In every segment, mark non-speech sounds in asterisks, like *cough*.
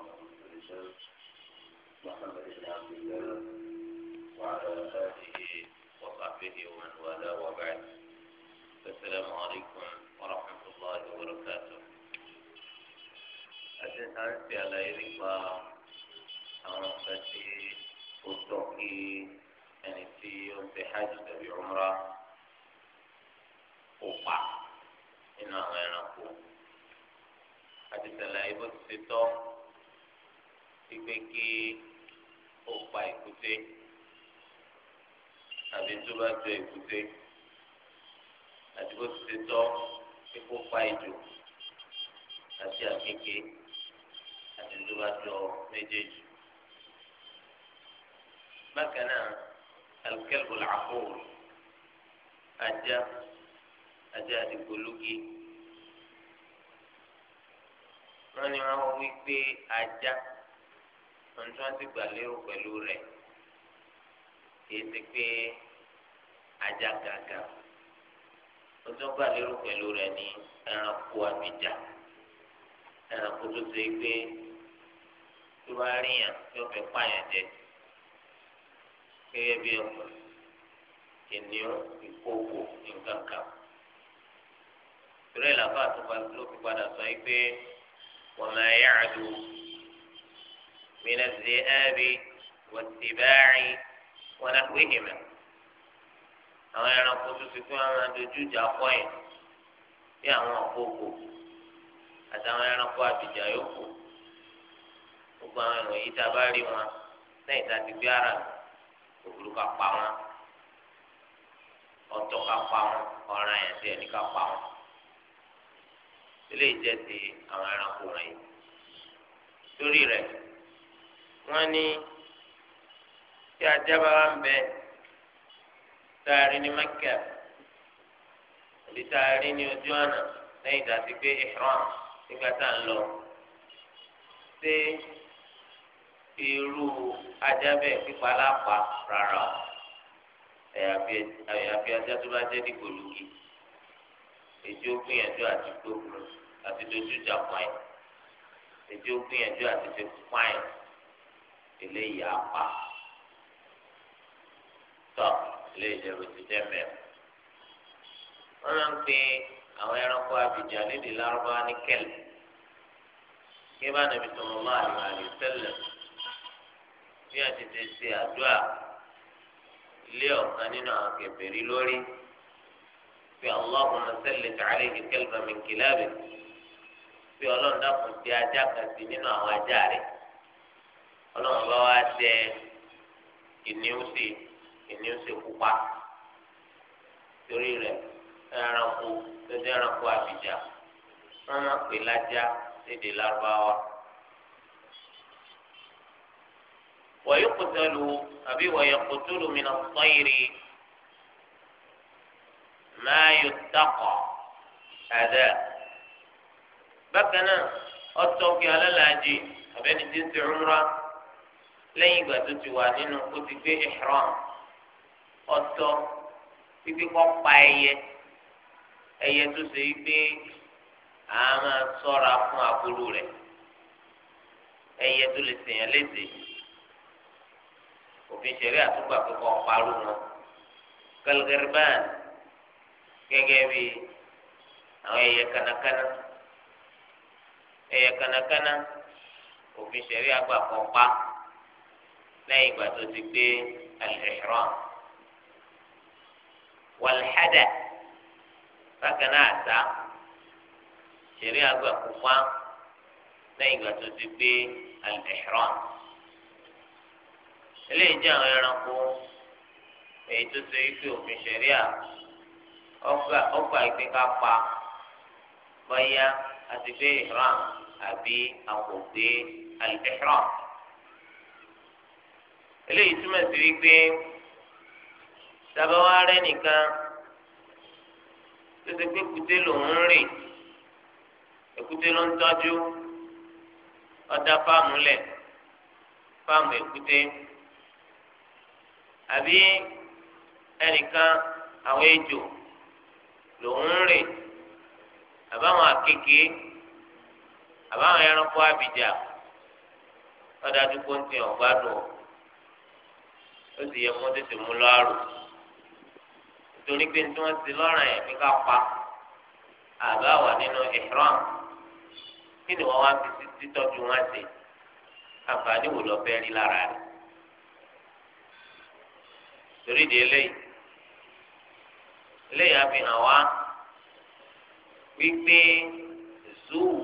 وعلى آله وصحبه ومن والاه وبعد السلام عليكم ورحمة الله وبركاته أجل أنت على يدك أنفتي وتوكي يعني في في حاجة بعمرة وقع إنها غير نقول أجل على يدك ìgbé kí ó pa èkúté àbí tó bá jọ èkúté àti bó ti ti tọ́ kíkó pa ìjò àti àkékè àti tó bá jọ méjèèjì. bákan náà alukẹ́lù làkúrò ajá ajá àdìgbòlógi wọ́n ní wọ́n wí pé ajá tuntun àti gbàlérò pẹ̀lú rẹ̀ kìí ti pé ajá gàgà ó tún gbàlérò pẹ̀lú rẹ̀ ní ẹranko àbíjà ẹranko tó ṣe pé tó bá ríyàn yóò fẹ́ pààyàn jẹ gẹ́gẹ́ bí ọkùnrin kìnìún ìkókò nǹkan kan tìrẹ́là bá àtúntò ló fi padà sọ pé wọ́n máa yára dùn. من الذئاب والسباع ونحوهما àwọn ẹranko tó ti fún àwọn adojú ìjà kọyìn bí àwọn àkókò àtàwọn ẹranko àbìjà yòókù gbogbo àwọn ẹ̀rọ yìí tá a bá rí wọn lẹ́yìn tá a ti gbé ara òbúrú ká pa wọn ọ̀tọ̀ ká pa wọn ọ̀ràn yẹn tí ẹni ká pa wọn eléyìí jẹ́ ti àwọn ẹranko rẹ̀ yìí torí rẹ̀ wọ́n ní tí ajá bá wà ń bẹ taari ní Mẹ́kà àbí taari ní ojú ọ̀nà lẹ́yìn tá a ti gbé ihram nígbà tá a ń lọ ṣé irú ajá bẹ́ẹ̀ pípa lápá rárá o àyàfi ajá tó bá jẹ́ dìgbò lùgì èjì ó gbìyànjú àti gbógun àti dojú jà pọ́ìn èjì ó gbìyànjú àti ṣe pọ́ìn eléyìí apá tọ eléyìí jẹ bòtí jẹ mẹ wọn máa ń pe àwọn ẹranko abidjan lédè lárúbá ní kẹlẹ kí bá nàbí sọmọ máa lò àlè tẹlẹ bí a ti ti ṣe àdúrà lé ọ̀kan nínú àwọn kèfèrí lórí bí ọlọ́run ṣẹlẹ̀ tààrí kẹlẹ́ bàmí kìláàbì bí ọlọ́run dàpọ̀ di ajá kan sí nínú àwọn ajá rẹ̀ ọlọ́run bá wá jẹ ìníwùsì ìníwùsì pupa torí rẹ̀ ẹranko tó jẹ́ ẹranko àbíjà wọ́n máa pè lájá lédè lárúbáwá. ويقتل أبي ويقتل من الطير ما يتقى هذا بكنا أتوكي على الأجي أبين تنسي عمره lẹ́yìn ìgbà tó ti wà nínú kó ti gbé ihram ọ̀tọ̀ pípé kọ́ pa ẹyẹ ẹyẹ tó ṣe yí pé a máa ṣọ́ra fún aburú rẹ̀ ẹyẹ tó lè ṣèyàn léṣe òfin ṣẹ̀rí àtúgbà pé kọ́ parú wọn kalgarban gẹ́gẹ́ bí àwọn ẹyẹ kanakana ẹyẹ kanakana òfin ṣẹ̀rí àgbà kọ́ pa lẹ́yìn ìgbà tó ti gbé al-ihram wàlhádà bákan náà àtà ṣẹ̀rí àgbà pupa lẹ́yìn ìgbà tó ti gbé al-ihram eléyìí jẹ́ àwọn ẹranko èyí tó ṣe wípé òfin ṣẹ̀ríà ọgbà ìpín ká pa bọ́yá àti gbé ihram àbí àpò gbé al eléyìí túmọ̀ sí wípé tabawa rẹ nìkan tó ti pé kùté lòún ń rìn èkúté ló ń tọ́jú ọ̀dà fáàmù lẹ̀ fáàmù èkúté àbí ẹnìkan àwọn ejò lòún ń rìn àbáwọn àkekè àbáwọn ẹranko àbìjà ọ̀dà àdúgbò ń tẹ̀ ọ̀gbádùn ó sì yẹ kó tètè mú lọ́rù nítorí pé tí wọ́n ti lọ́rùn yẹn fi ká pa àbá wà nínú ihram kí ni wọ́n wá fi títọ́jú wọn sí àǹfààní wò lọ fẹ́ rí lára rẹ̀ torí di eléyìí eléyìí àfihàn wa wípé zoo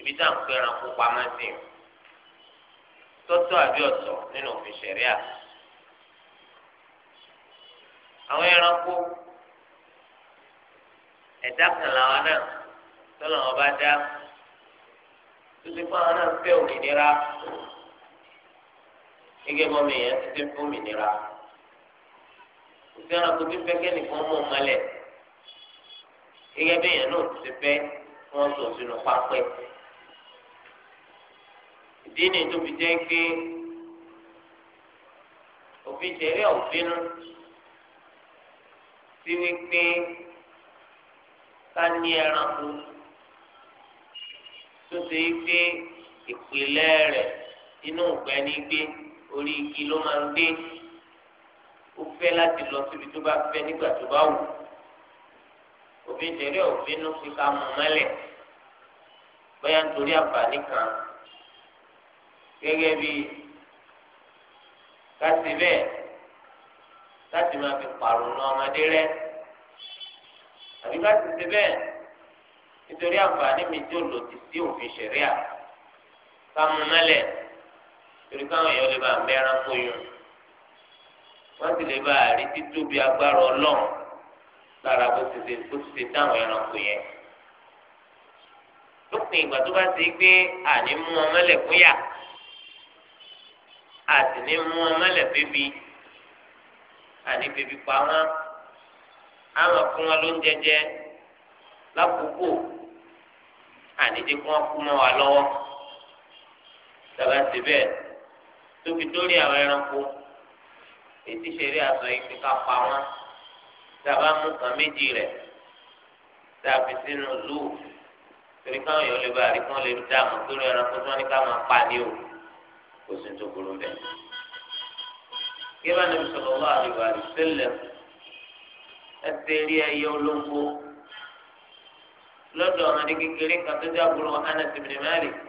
ibi tá à ń pẹ́ ẹranko pamọ́ sí tọ́tọ́ àbí ọ̀tọ̀ nínú òfin ṣẹ̀ríà àwọn ẹranko ẹ̀dá kan làwọn náà tọ́lọ̀ wọn bá dá tuntun fún àwọn náà fẹ́ òmìnira gẹ́gẹ́ bọ́ mi yẹn ti fẹ́ òmìnira òfin ẹranko tó fẹ́ kẹ́nìkan mọ̀ mọ́lẹ̀ gẹ́gẹ́ bí yẹn náà ti fẹ́ kí wọ́n sọ pápẹ́ ìdí ni tó jẹ́ pé òfin ìṣẹ̀lẹ̀ òfin náà sí wípé ká ní ẹranko tó ṣe wípé ìpìlẹ̀ rẹ̀ inú ìgbẹ́ ní gbé orí igi ló máa ń gbé ó fẹ́ láti lọ síbi tó bá fẹ́ nígbà tó bá wù òfin tẹ̀lé òfin ló fi ká mọ̀ mọ́lẹ̀ bóyá nítorí àǹfààní kan gẹ́gẹ́ bí ká ṣe bẹ́ẹ̀ láti máa fi pàrọ̀nà ọmọdé rẹ àbí bá ti ṣe bẹ́ẹ̀ nítorí àǹfààní mi tí ò lòdì sí òfin ṣẹ̀ríà ká mú mẹ́lẹ̀ torí káwọn èèyàn lè bá mẹ́ran fóyún wọ́n sì lè bá àrí títóbi agbára ọlọ́run lára bó ti ṣe bó ti ṣe táwọn ẹranko yẹn lópin ìgbà tó bá ti gbé àní mú ọmọlẹ̀ fúnyà àti ní mú ọmọlẹ̀ fífi àní bèbí pa wọn àwọn fún wọn ló ń jẹjẹ lákòókò àní jẹ kí wọn kú mọ́ wa lọ́wọ́ tàbá ti bẹ́ẹ̀ tóbi dórí àwọn ẹranko ètí ṣeré àtọ yìí fi ká pa wọn tàbá mú kan méjì rẹ tàbí sínú lóò torí káwọn èèyàn lè bá àríkán lè dá àmọ́ ẹranko tí wọn ní ká máa pa ni o kò sí ní tó burú bẹ́ẹ̀. كما النبي صلى الله عليه وآله وسلم الثانية يولنكو لدو أنا ديكي كيرين كتجا بلو أنس بن مالك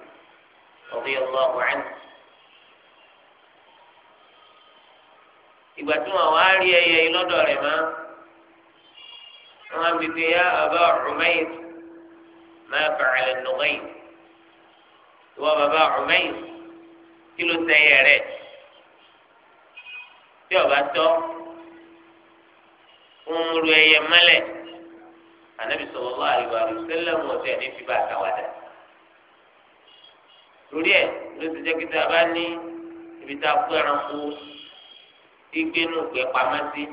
رضي الله عنه ìgbà tí wọn wá rí ẹyẹ yìí lọ́dọ̀ rẹ̀ mọ́ wọn bí pé yá bàbá Umayr máa fa'ala an-Nughayr ìwọ bàbá Umayr kí ló sẹ́yẹ rẹ̀. tí ọba tọ́ ń ru ẹyẹ mọ́lẹ̀ anabi sallallahu alaihi wasallam ọtí ẹni fi bá àtàwádà lórí ẹ ló ti jẹ kí tá a bá ní ibi tá a kó ẹranko gbígbénu gbẹ pamọ́ sí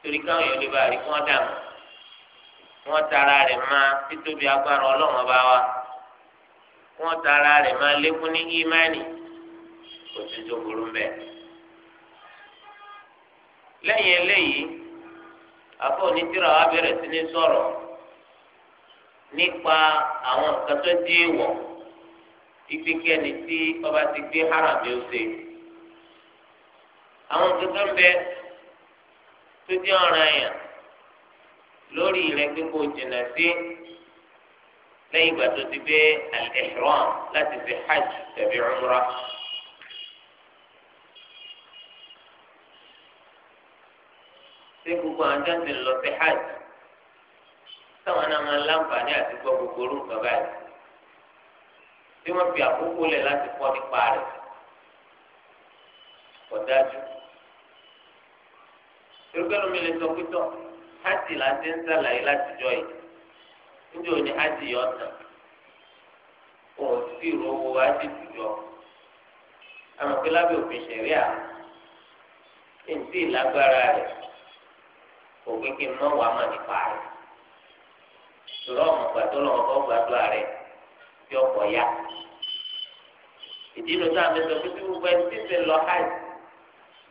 torí káwọn èèyàn lè bá rí kí wọn dànù wọn tara rẹ̀ máa títóbi agbára Ọlọ́run ọba wa wọn tara rẹ̀ máa lékún ní ímánì kò tuntun burú lẹ́yìn eléyìí àbọ̀ onítìrà wa bẹ̀rẹ̀ sí ní sọ̀rọ̀ nípa àwọn nǹkan tó dé wọ̀ ipe kí ẹni tí ọba ti gbé harabi ó ṣe àwọn nǹkan tó ń bẹ tó dé ọ̀ràn yẹn lórí rẹ̀ gbogbo jìnnà sí lẹ́yìn ìgbà tó ti gbé al-ihram láti fi hajj tàbí umrah. ṣé gbogbo àwọn jáde lọ sí hajj táwọn náà máa láǹfààní àti gbọ́ gbogbo orú nǹkan báyìí tí wọ́n fi àkókò lẹ̀ láti kọ́ nípa rẹ̀ kò dájú. irúgbẹ́nu mi lè sọ pé tọ́ hajj là ń ti ń sàlàyé látijọ́ yìí níbi òní hajj yọ ọ̀tàn òun sì rò òpin kí n mọ wàá mà nípa rẹ̀ ìṣòro ọmọ gbàtọ́ lọ́wọ́ kọ́ gbàdúrà rẹ̀ bí ọkọ̀ ya ìdí inú táwọn ẹgbẹ́ pé tí gbogbo ẹni tí ń sè lọ hajj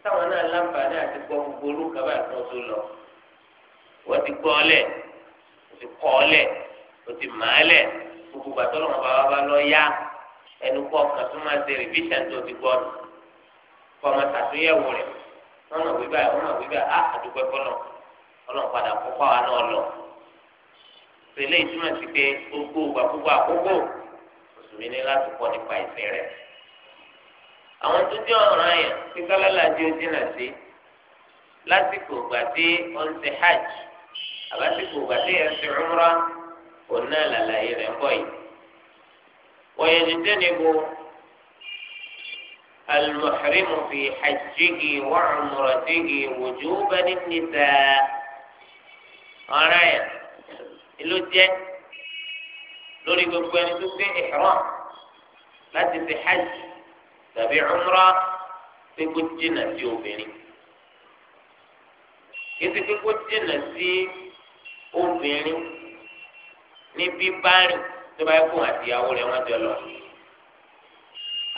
táwọn náà láǹfààní àti gbọ́ gbogbo olúkà bá tó tó lọ wọ́n ti gbọ́ ọlẹ̀ wọ́n ti kọ́ ọlẹ̀ wọ́n ti mà á lẹ̀ gbogbo gbàtọ́ lọ́wọ́ bá wá bá lọ yá ẹnu kọ́ ọkàn tó máa ṣe rìvíṣàn tó ti gbọ́ nù kọ́ ọmọ tàtúnyẹ̀wò rẹ̀ wọ́n mọ̀ wíwá wọ́n mọ̀ wíwá á àdúgbò ẹ̀kọ́ náà ọlọ́run padà kó fáwa náà lọ pẹ̀lẹ́ ìtumọ̀ sí pé gbogbo ìgbà gbogbo àkókò mùsùlùmí ní láti kọ́ nípa ìsìn rẹ̀ àwọn tó jẹ́ ọ̀ràn yẹn tí kálálà jẹ́ ojúnà sí lásìkò ìgbà tí wọ́n ti hajj àbásìkò ìgbà tí yẹn ti rúmúrá òun náà làlàyé rẹ̀ ń bọ̀ yìí wọ́n yẹn ti dẹ́ni bo المحرم في حجه وعمرته وجوبا النساء ọ̀ràn yẹn ìlú jẹ́ lórí gbogbo ẹni tó gbé ihram láti fi hajj tàbí umrah pé kó jìnnà sí obìnrin kí ti pé kó jìnnà sí obìnrin ní bíbárìn tó bá yẹ kó àtìyàwó rẹ wọn jọ lọ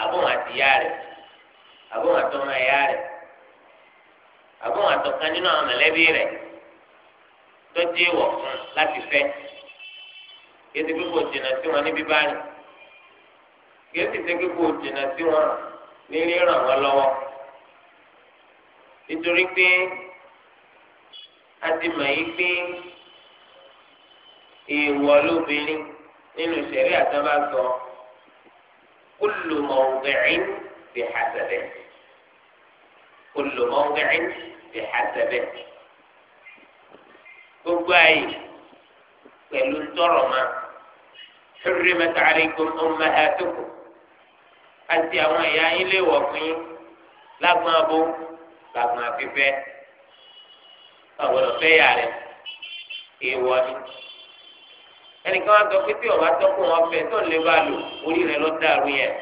àbọn àtìyá rẹ àbọn àtọmọ ẹyà rẹ àbọn àtọkan nínú àwọn mọ̀lẹ́bí rẹ tó dé wọ̀ fún láti fẹ́ kéde pípò jìnnà sí wọn níbí báyìí kéde tẹ pípò jìnnà sí wọn ní ríràn wọn lọ́wọ́ nítorí pé a ti mọ̀ yí pé èèwọ̀ lóbìnrin nínú ìṣẹ̀rí àtàbà sọ kullu mawdi'in bihasabihi kullu mawdi'in bihasabihi gbogbo ayé pẹ̀lú ntọ́rọ̀ ma hurrimat alaykum ummahatukum àti àwọn ìyá yín lè wọ̀ fún yín lágbọn abó lágbọn afẹ́fẹ́ ọ̀gbọ́dọ̀ fẹ́ yà rẹ̀ èèwọ̀ ni ẹnìkan wá sọ pé tí ọba tọ́kùn wọn fẹ́ tó lè bá lò orí rẹ̀ ló dàrú yẹn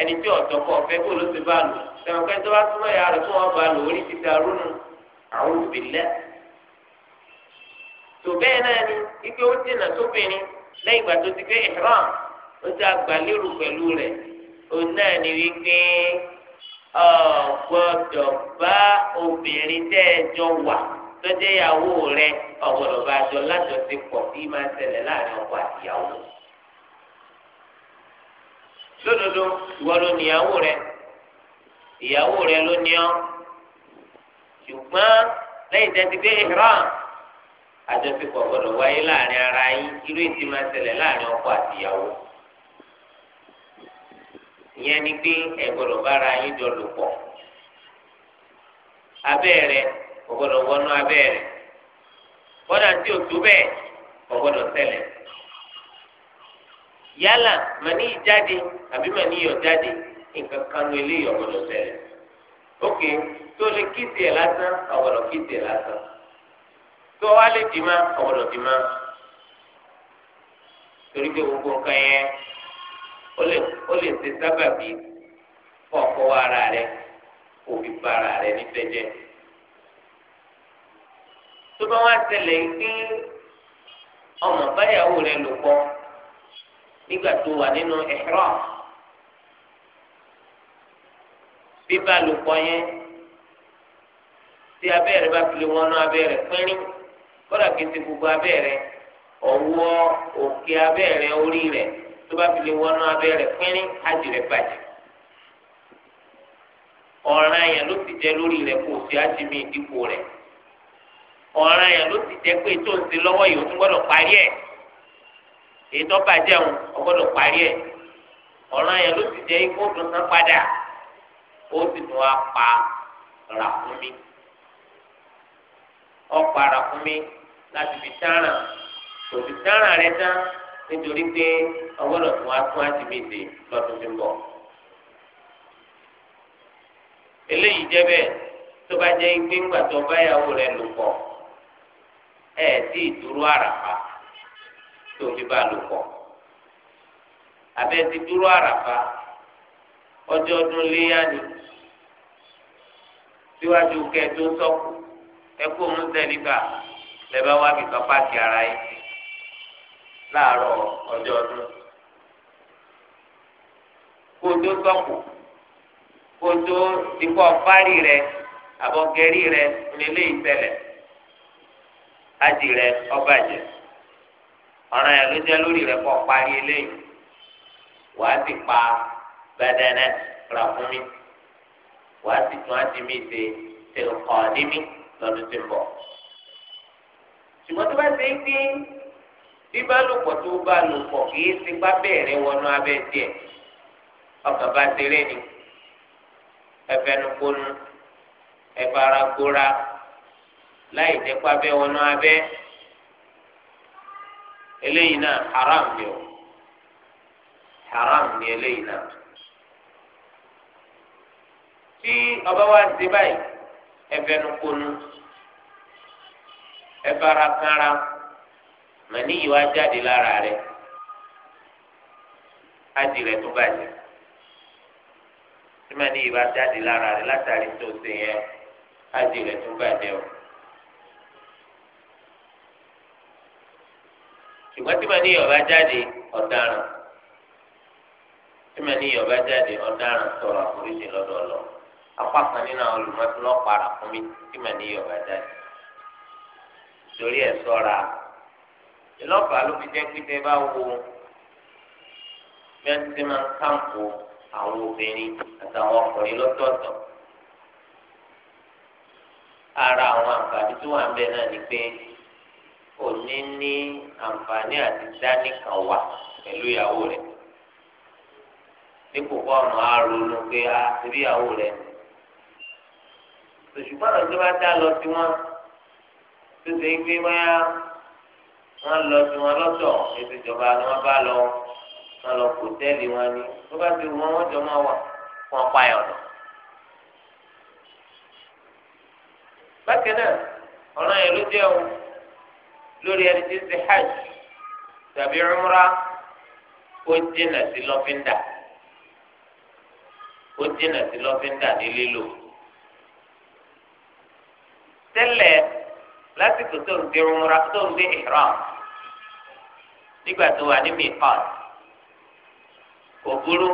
ẹni tí ọ̀tọ́kọ̀ ọ̀fẹ́ kó ló ti bá lò tẹ̀wọ̀n pé tó bá túmọ̀ kó wọn bá lò orí ti dàrú nù àwọn òbí lẹ́ẹ̀. tó náà ni ike ó dènà sóbìnrin lẹ́yìn ìgbà tó ti gbé ihram ó ti àgbàlérò pẹ̀lú rẹ̀ òun náà ni wípé ọ̀gbọ́dọ̀ bá obìnrin tẹ́ ẹ jọ wà tọ́jẹ́ ìyàwó rẹ̀ ọ̀gbọ́dọ̀ bá jọ bí máa ṣẹlẹ̀ láàrin ọkọ àti ìyàwó. lódodo ìwọ ló ní ìyàwó ìyàwó ló ní àjọṣepọ̀ gbọdọ̀ wáyé láàrin ara yín irú èsì máa ṣẹlẹ̀ láàrin ọkọ àtìyàwó ìyẹn ni pé ẹ gbọdọ̀ bára yín jọ lò pọ̀ abẹ́ rẹ kò gbọdọ̀ wọnú abẹ́ rẹ bọ́dà tí o tó bẹ́ẹ̀ kò gbọdọ̀ ṣẹlẹ̀ yálà màní ìjáde àbí màní ìyọ̀jáde nǹkan kan ló eléyìí ọ̀gbọ̀dọ̀ ṣẹlẹ̀ ókè tó lè kíìsì ẹ̀ lásán ọ̀gbọ̀dọ̀ kíìsì ẹ̀ lásán tó wá lè dì má ọ̀dọ̀ dì má torí pé gbogbo nǹkan yẹn ó lè ó lè ṣe sábàbí fún ọkọ ara rẹ kò fi ba ara rẹ nífẹ̀ẹ́ jẹ tó bá wá ṣẹlẹ̀ pé ọmọ báyàwó rẹ lò pọ̀ nígbà tó wà nínú ẹ̀rọ bíbá lò pọ̀ yẹn tí abẹ́rẹ́ bá fi lè wọnú abẹ́rẹ́ pínrín. kódà kété gbogbo abẹ́rẹ́ ọwọ́ òkè abẹ́rẹ́ orí rẹ̀ tó bá fi lè wọnú abẹ́rẹ́ pínrín ájì rẹ̀ bàjẹ́ ọ̀ràn ló ti jẹ́ lórí rẹ̀ kó o ṣe ájì ìdíkù rẹ̀ ọ̀ràn ló ti jẹ́ pé tó ń ṣe lọ́wọ́ yìí tún gbọ́dọ̀ parí ẹ̀ èyí tó bàjẹ́ òun gbọ́dọ̀ parí ẹ̀ ló ti jẹ́ láti fi tààrà kò fi tààrà rẹ tán nítorí pé ọgbọ́dọ̀ tún atún àti mi dè lọ́dún tó bọ̀. eléyìí jẹ́ bẹ́ẹ̀ tó bá jẹ́ pé ńgbà tó báyàwó rẹ lò pọ̀ ẹ̀ tí ìdúró àràpá tó fi bá lò pọ̀ ti dúró àràpá ọjọ́ ọdún léyà ni síwájú lẹ́bàá wá bí kan páàkì ara yìí láàárọ̀ ọjọ́ ọdún kó o tó sọ̀kù kó o tó ikọ̀ fárì rẹ àbọ̀gẹ́rì rẹ nílé ìṣẹ̀lẹ̀ ájì rẹ ọbàjẹ́ ọ̀ràn ẹ̀ ló jẹ́ lórí rẹ kọ́ parí eléyìí wàá ti pa bẹ́dẹ́nẹ́ rà fún mi wàá ti tún á ti mí ṣe tẹ̀kọ́ ní mi lọ́dún tí ń bọ̀. ṣùgbọ́n tó bá ṣe é bá tó bá lò pọ̀ ṣe bá bẹ̀rẹ̀ wọnú abẹ́ tiẹ̀ ọkàn bá ṣeré ni ẹfẹnukunu láì wọnú abẹ́ eléyìí náà haram ni o haram ni eléyìí ẹ fara kanra màní yìí wá jáde lára rẹ ádì rẹ tó bàjẹ́ tí màní yìí wá jáde lára rẹ látàrí tó ṣe yẹn ádì rẹ tó bàjẹ́ o. ṣùgbọ́n tí màní yìí ọba jáde ọ̀daràn tí màní yìí ọba jáde ọ̀daràn sọ̀rọ̀ àforíjì lọ́dọọlọ apá kan nínú àwọn olùmọ̀tò lọ́ọ́ para fún mi tí màní yìí ọba jáde torí ẹ̀ sọ́ra ìlọ́pàá ló fi jẹ́ pé tẹ́ bá wo mẹ́tí máa ń kàǹpù àwọn obìnrin àtàwọn ọkùnrin lọ́tọ̀ọ̀tọ̀ ara àwọn àǹfààní tó wà ń bẹ náà ni pé òní ní àǹfààní àti dánìkan wà pẹ̀lú ìyàwó rẹ̀ dípò kọ́ ọ̀nà pé a ti rí ìyàwó rẹ̀ ṣùgbọ́n àwọn tó bá dá lọ sí wọn tó ṣe gbé wáyà wọn lọ sí wọn lọ́tọ̀ ètò ìjọba ni wọn bá lọ wọn lọ kó tẹ́lì wọn ni tó bá ti wọn wọn jọ máa wà wọn payọ lọ. bákan náà ọ̀ràn yẹn ló jẹ́ o lórí ẹni tí ń ṣe hajj tàbí umra ó jìnà sí lọ́fíńdà ó jìnà sí lọ́fíńdà ní lílò tẹ́lẹ̀ lásìkò tó ń gbé umra tó ń gbé ihram nígbà tó wà ní miqat kò burú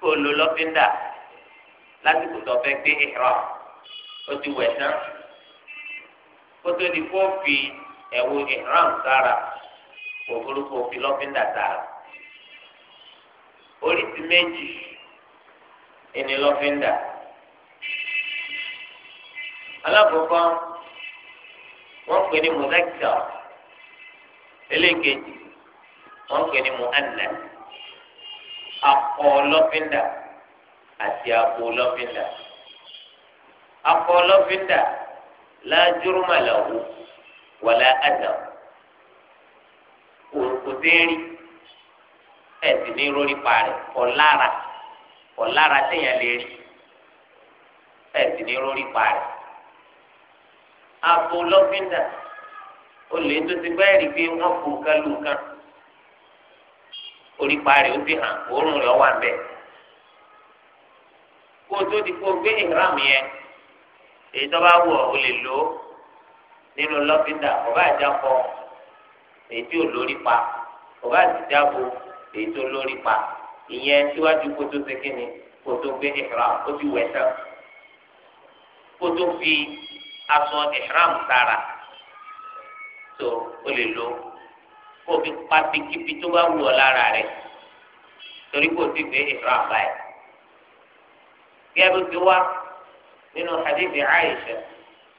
kó lo lọ́fíńdà lásìkò tó fẹ́ gbé ihram ó ti wẹ̀ tán kó tó di kó fi ẹ̀wù ihram sára kò burú kó fi lọ́fíńdà sára orí méjì ẹni lọ́fíńdà alákọ̀ọ́kọ́ wọ́n pè ní mudhakkar eléèkejì wọ́n pè ní muannas akọ lọ́fíńdà àti abo lọ́fíńdà akọ lọ́fíńdà la jurma lahu wala adam kò déérí ẹ̀ sì ní rórí parí ọ̀lára ọ̀lára téèyàn lè rí ẹ̀ ní rórí parí àpò lọ́fíńdà ó lè tó ti bẹ́ẹ̀ rí pé wọ́n fò kálù kan orí parí ó ti hàn òórùn rẹ̀ wà bẹ́ẹ̀ kó tó di kó o gbé ìhàmù yẹn èyí tó bá wù ọ́ o lè lò ó nínú lọ́fíńdà ọba àjàpọ̀ èyí tí ò lórí pa ọba àtijàbọ̀ èyí tó lórí pa ìyẹn síwájú kó tó ṣe kí ni kó tó gbé ìhàmù ó ti wẹ̀ tán kó tó fi. aṣọ ìhram sára tó o lè lo kó o fi pa pikipi tó bá wù ọ lára rẹ torí kó o ti gbé ìhram báyìí. gẹ́gẹ́ bí wá nínú hadithi Aisha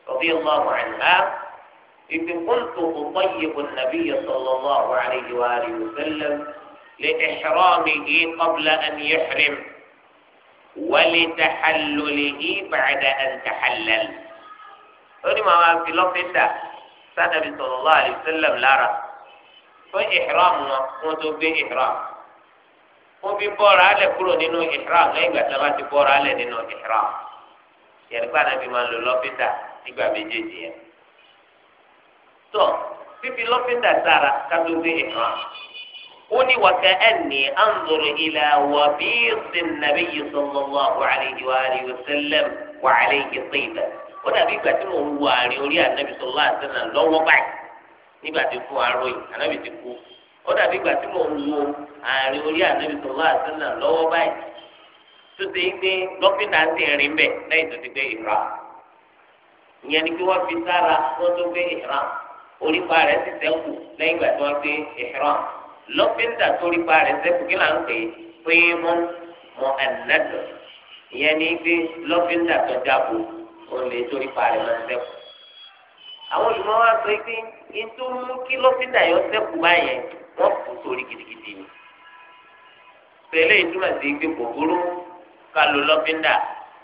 radiyallahu anha ibi kuntu utayyibu an-nabiy sallallahu alayhi wa alihi wa sallam li ihramihi qabla an yihrim wa li tahallulihi ba'da an tahallal. lórí màá wá fi lọ́fíńdà sádàbí sallallahu alaihi wasallam lára fún ìhìrọ́mù wọn kó tó gbé ìhìrọ́mù wọ́n fi bọ́ọ̀rọ̀ alẹ̀ kúrò nínú ìhìrọ́mù lẹ́yìn ìgbà tí wọ́n bá ti bọ́ọ̀rọ̀ alẹ̀ nínú ìhìrọ́mù yẹnni pé anabi máa ń lo lọ́fíńdà nígbà méjèèjì yẹn. tó fífi lọ́fíńdà sára kátó gbé ìhìrọ́mù ó ní wàkà ẹnì ànzọrọ ìlà wà bí sinabi yìí sallallahu ó dàbí ìgbà tí mò ń wo àárín orí ànábì sọlá àtẹnà lọ́wọ́ báyìí nígbà tí fún aróyìn ànábì ti kú ó dàbí ìgbà tí mò ń wo àárín orí ànábì sọlá àtẹnà lọ́wọ́ báyìí tó ṣe é gbé dókítà ń tẹ̀ rìn bẹ̀ lẹ́yìn tó ti gbé ìhra ìyẹn ni pé wọ́n fi sára wọ́n tó gbé ìhra orípa rẹ̀ ti sẹ́kù lẹ́yìn ìgbà tí wọ́n gbé ìhra lọ́pẹ́ńtà torípa rẹ̀ sẹ́kù kí là ń pè pé mọ́ mọ́ ànádọ̀ ìyẹn ni pé lọ́pẹ́ńtà tó dáàbò olè torí parí máa ń sẹ́kù. àwọn olùmọ̀ wa sọ pé ètò mú kí lọ́fíìsà yọ sẹ́kù báyẹn wọ́n kù sórí gidigidi ni. tẹ́lẹ̀ ìtumọ̀ sí pé kòkòrò ká lo lọ́fíìsà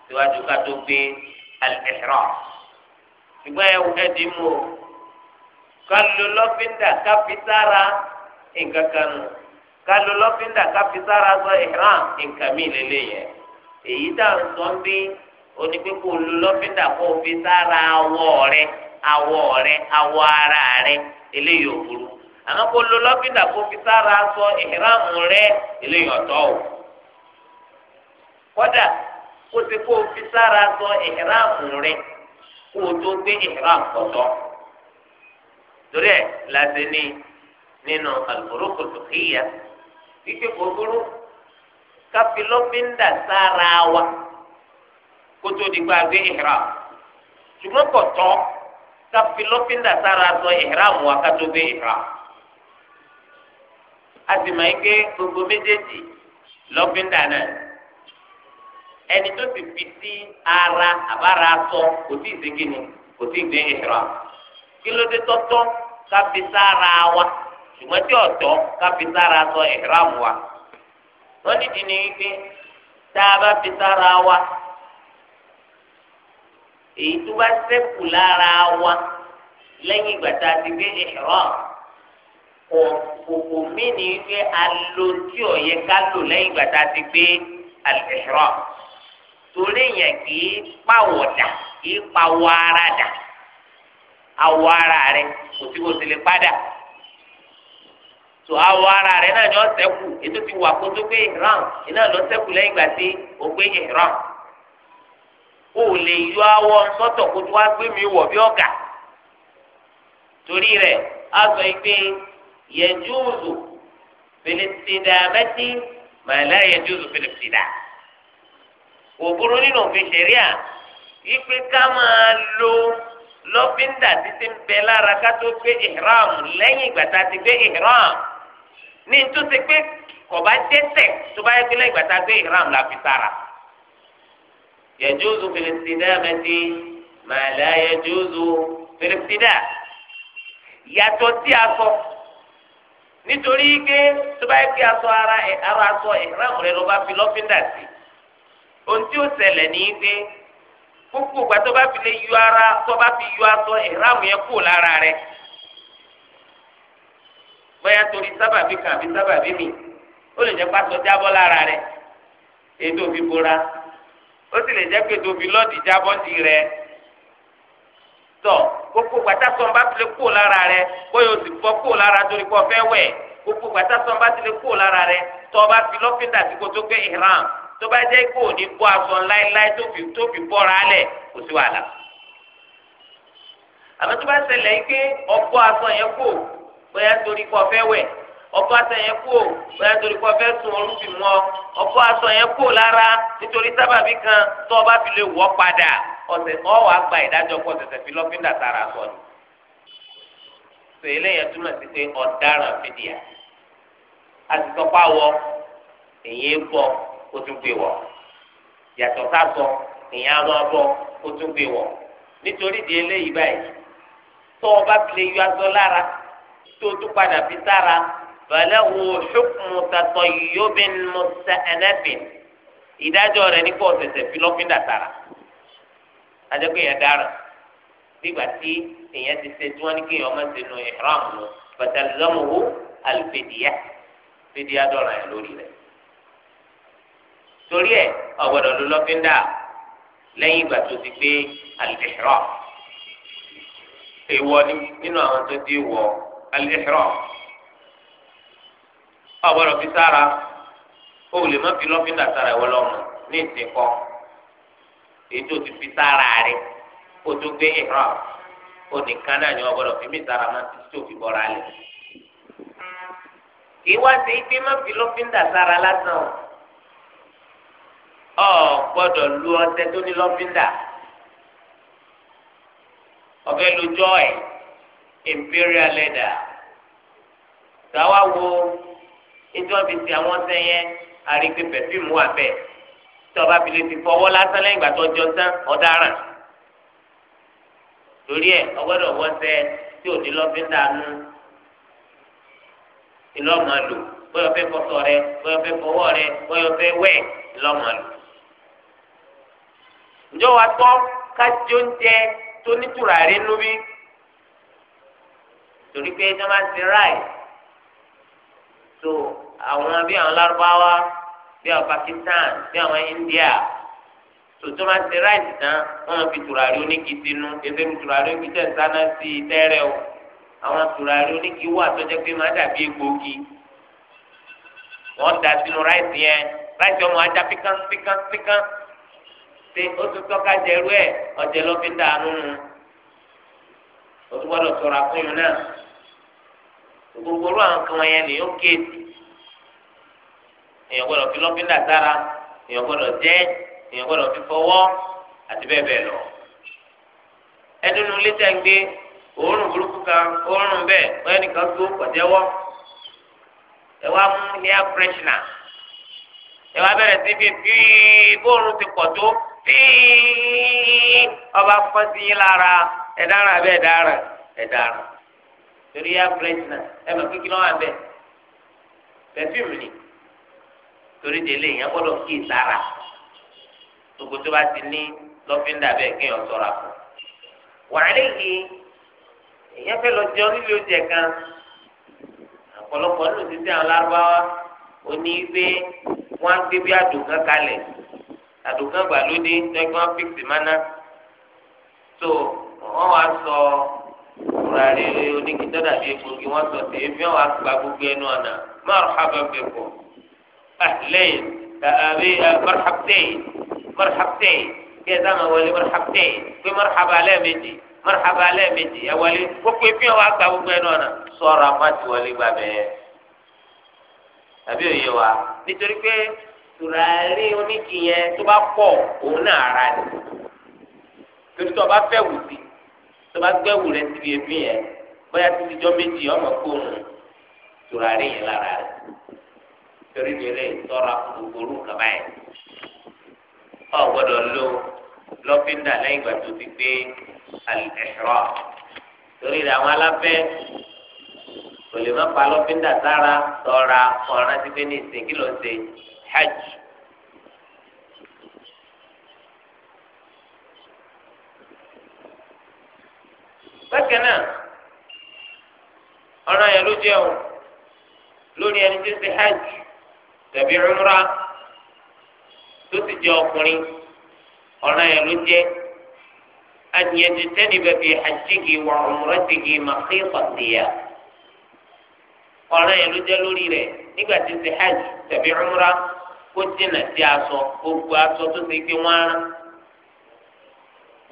síwájú ká tó gbé alẹ́sẹ̀rọ̀. ṣùgbọ́n ẹ ẹ dì í mú o ká lo lọ́fíìsà ká fi sára nǹkan kan nù ká lo lọ́fíìsà ká fi sọ ìhàn nǹkan mí lélẹ́yìn èyí tá ń sọ ń bí. oní pé kó lu lọ́fíńdà kó o fi sára awọ rẹ awọ rẹ awọ ara rẹ eléyìí ò burú àmọ́ kó lu lọ́fíńdà kó o fi sára aṣọ ìhìrámù rẹ eléyìí ọ̀tọ̀ o kódà kó o ti kó o fi sára rẹ kó o tó gbé ìhìrámù torí ẹ̀ wa. kótó di gba gbé ìhìrà ṣùgbọ́n kò tọ́ káfí lọ́fíńdà sára sọ ìhìrà mu wa kátó gbé ìhìrà a sì máa ń gbé gbogbo méjèèjì lọ́fíńdà náà ẹni tó ti fi sí ara àbára sọ kò tí ì segin ni kò tí ì gbé ìhìrà kí ló dé tọ́tọ́ káfí sára wa ṣùgbọ́n tí ọ̀tọ́ káfí sára sọ ìhìrà mu wa wọ́n nídìí ni wípé tá a bá fi sára wa èyí tó bá ṣẹ́kù lára wa lẹ́yìn ìgbà tá a ti gbé ihram òkòkò mí ni wípé a lo tí ò yẹ ká lò lẹ́yìn ìgbà ti gbé al-ihram torí yẹn kì í pàwọ̀ dà kì í pàwọ̀ ara dà awọ ara rẹ kò tí kò sì lè padà tó awọ ara rẹ náà ni ó ṣẹ́kù ètò ti wà kó tó gbé ihram iná lọ ṣẹ́kù lẹ́yìn ìgbà tí ó gbé ihram o lè yọ awọ sọ́tọ̀ kó tó wá gbé mi wọ̀ bí ọ̀gá torí rẹ̀ a sọ yìí pé yẹjúùzù fèlèsìdà mẹtí màlá yẹjúùzù fèlèsìdà òbúrú nínú òfin ṣẹ̀ríà ipe ká máa lo lọ́fíńdà títí ń bẹ lára ká tó gbé ìhram lẹ́yìn ìgbà tá a ti gbé ìhram ní tó ti pé kọ̀ọ̀bá dẹ́sẹ̀ tó bá yẹ kí lẹ́yìn ìgbà tá a gbé ìhram la fi sára. يجوز في الاستدامة ما لا يجوز في الابتداء yàtọ̀ sí aṣọ nítorí pé tó bá yẹ kí aṣọ ara ẹ ara aṣọ ìhram rẹ ló bá fi lọ́fíńdà sí ohun tí ó ṣẹlẹ̀ ní pé gbogbo ìgbà tó bá fi lè yọ ara tó bá fi yọ aṣọ ìhram yẹn kú lára rẹ bóyá torí sábàbí kan àbí sábàbí mi ó lè jẹ́ pásọ jábọ́ lára rẹ ètò òfin bora ó sì lè jẹ́ pé tóbi lọ́ọ̀dì jábọ́ǹdì rẹ tọ gbogbo gbàtà sọ̀nba ti lè kó lára rẹ bóyá o sì fọ́ kó lára torí kọ́ fẹ́ wẹ̀ gbogbo gbàtà sọ̀nba ti lè kó lára rẹ tọ́ba fi lọ́fíńdà sí kó tó gbé ìhram tọ́ba jẹ́ kó o ní bọ́ aṣọ láéláé tó fi tó fi bọ́ra alẹ̀ kò sí wàhálà àmọ́ tó bá ṣẹlẹ̀ yìí pé ọ̀pọ̀ aṣọ yẹn kò bóyá torí kọ́ fẹ́ wẹ̀ ọkọ aṣọ yẹn kú o bóyá torí kọ fẹ́ sun olúfi mọ́ ọkọ aṣọ yẹn kú lára nítorí sábàbí kan tó o bá fi lè wọ́ padà ọ̀sẹ̀ kan wàá gba ìdájọ́ kó tẹ̀sẹ̀ fi lọ́fíńdà sára sọ ni. sọ eléyẹn túmọ̀ sí pé ọ̀daràn fìdíà àtìsọ́pá wọ èyí ń bọ̀ ó tún gbé wọ̀ yàtọ̀ sásọ èyí á lọ bọ̀ ó tún gbé wọ̀ nítorí di eléyìí báyìí tó o bá fi lè yọ aṣọ lára tó o tún padà fi sára fẹlẹ́hu ṣùkùmù tatọ̀ yóbin musa ẹnẹ́fìn ìdájọ́ rẹ̀ nípa ọ̀sẹ̀sẹ̀ filọ́fín dàtàrà adékò yẹn dára nígbà tí èèyàn ti ṣe tí wọ́n ní kí èèyàn máa ṣe nu ìhram nu pàtàlísọ́mùhù àlùfẹ́dìyà fẹ́dìyà dọ̀rọ̀ yẹn lórí rẹ̀ torí ẹ̀ ọ̀gbọ́dọ̀ ló lọ́fín dà lẹ́yìn ìgbà tó ti gbé àlùfẹ́hìrọ̀ èèwọ̀ nínú àwọn tó ti wọ̀ àlùfẹ́hìrọ̀ ọ̀gbọ́dọ̀ fi sára o lè má fi lọ́fíńdà sára ìwọ lọ́mọ ní ìsìnkọ́ èyí tó ti fi sára rẹ̀ kó tó gbé ìhàn ó nìkan náà ni wọ́n gbọ́dọ̀ fi mí sára má ti tó fi bọ́ra lẹ̀. kì í wá sí pé má fi lọ́fíńdà sára lásán o gbọ́dọ̀ lu ọtẹ tó ní lọ́fíńdà ọ̀fẹ́ lu ẹ̀ imperial leather tàwa wo ètò ọ̀fi ti àwọn ọ̀sẹ̀ yẹn àrígbé pẹ̀fíìmù wà bẹ́ẹ̀ tọba fi lè ti fọwọ́ lásán lẹ́yìn ìgbà tó jọ tán ọ̀daràn torí ẹ̀ ọgbọ́dọ̀ wọ́sẹ̀ tí ò ní lọ́fíńdà nù ìlọ́mọ lò bóyá fẹ́ fọṣọ rẹ bóyá fẹ́ fọwọ́ rẹ bóyá fẹ́ wẹ̀ ìlọ́mọ lò. ǹjọ́ wa tọ́ ká jó ń jẹ tó nítura rí nú bí torí pé ẹ jọ máa ń ti ráì so àwọn bí àwọn Lárúbáwá bí àwọn Pakistan bí àwọn India so tó máa ti ráìtì tán wọn fi tùràrí oníkì sínú ẹsẹ mi tùràrí oníkì tẹ̀ sáná sí i tẹ́rẹ̀ o àwọn tùràrí oníkì wà tó jẹ́ pé máa dàbí egbògi wọ́n da sínú ráìtì yẹn ráìtì ọmọ ajá píkán píkán píkán ṣe ó tún tọ́ka jẹ́rú ẹ̀ ọ̀jẹ̀ lọ́ fi dànù o tún gbọ́dọ̀ sọ̀rọ̀ àkúnyùn náà. gbogbo orú àwọn kan wọ̀nyẹn ni yóò kéètì èèyàn gbọ́dọ̀ fi èèyàn jẹ èèyàn gbọ́dọ̀ fi fọwọ́ àti bẹ́ẹ̀ bẹ́ẹ̀ lọ. ẹdínú létà gbé òórùn burúkú kan òórùn bẹ́ẹ̀ wọ́n ẹnìkan tó pọ̀jẹ́wọ́ ẹ wá mú hair freshener ẹ wá bẹ̀rẹ̀ sí fíì bóòrùn ti pọ̀ tó fíì ọba yín lára real brightness ẹ mọ̀ kékeré wọn abẹ perfume ni torí délé yẹn gbọ́dọ̀ kí ìsara gbogbo tó bá ti ní lọ́fíńdà bẹ́ẹ̀ kéèyàn ṣọ́ra fún wàhálà yìí èèyàn fẹ́ lọ jẹun nílé oúnjẹ kan ọ̀pọ̀lọpọ̀ nínú títí àwọn lárúbáwá oní gbé wọn gbé bí àdùnkàn kalẹ̀ àdùnkàn gbàlódé tẹ́gbọ́n fíìsì máná tó wọ́n wá sọ. So, fúnra rẹ̀ lé onígi tó dàbí egbògi wọ́n sọ sí èmi àwọn àgbà gbogbo ẹnu ọ̀nà marhaban bikum ahlẹ́yìn tàbí eh, eh, marhabtẹ́yìn marhabtẹ́yìn kí ẹ sáà máa wọlé marhabtẹ́yìn pé marhaba lẹ́ẹ̀mejì marhaba lẹ́ẹ̀mejì ẹ wọlé gbogbo èmi àwọn àgbà gbogbo ẹnu ọ̀nà sọ̀rọ̀ àmàtì wọlé gbà bẹ́ẹ̀ tàbí òye wa nítorí pé tùràrí onígi tó bá pọ̀ òun náà ara rẹ̀ torí tó o bá fẹ́ wù tó bá gbẹ́wù rẹ síbi èéfín yẹn bóyá títí jọ méjì ọmọ kóònù tùràrí yẹn lára rẹ torí mi lè tọ́ra gbogbo orúkọ báyìí ọ gbọ́dọ̀ lo lọ́fíńdà lẹ́yìn ìgbà tó ti gbé ẹ̀ṣọ́ torí rẹ àwọn alábẹ́ kò lè má pa lọ́fíńdà sára tọ́ra ọ̀ràn ti gbé ní ìsìn kí ló ń ṣe hajj. bákan náà ọ̀ràn yẹn ló jẹ́ lórí ẹni tí ń hajj tàbí umra tó ti jẹ́ ọkùnrin ọ̀ràn yẹn ló jẹ́ adìyẹ̀dì tẹ́lifẹ̀ fi hajjigi wà umratigi màkìkọ̀ tìyà ọ̀ràn yẹn ló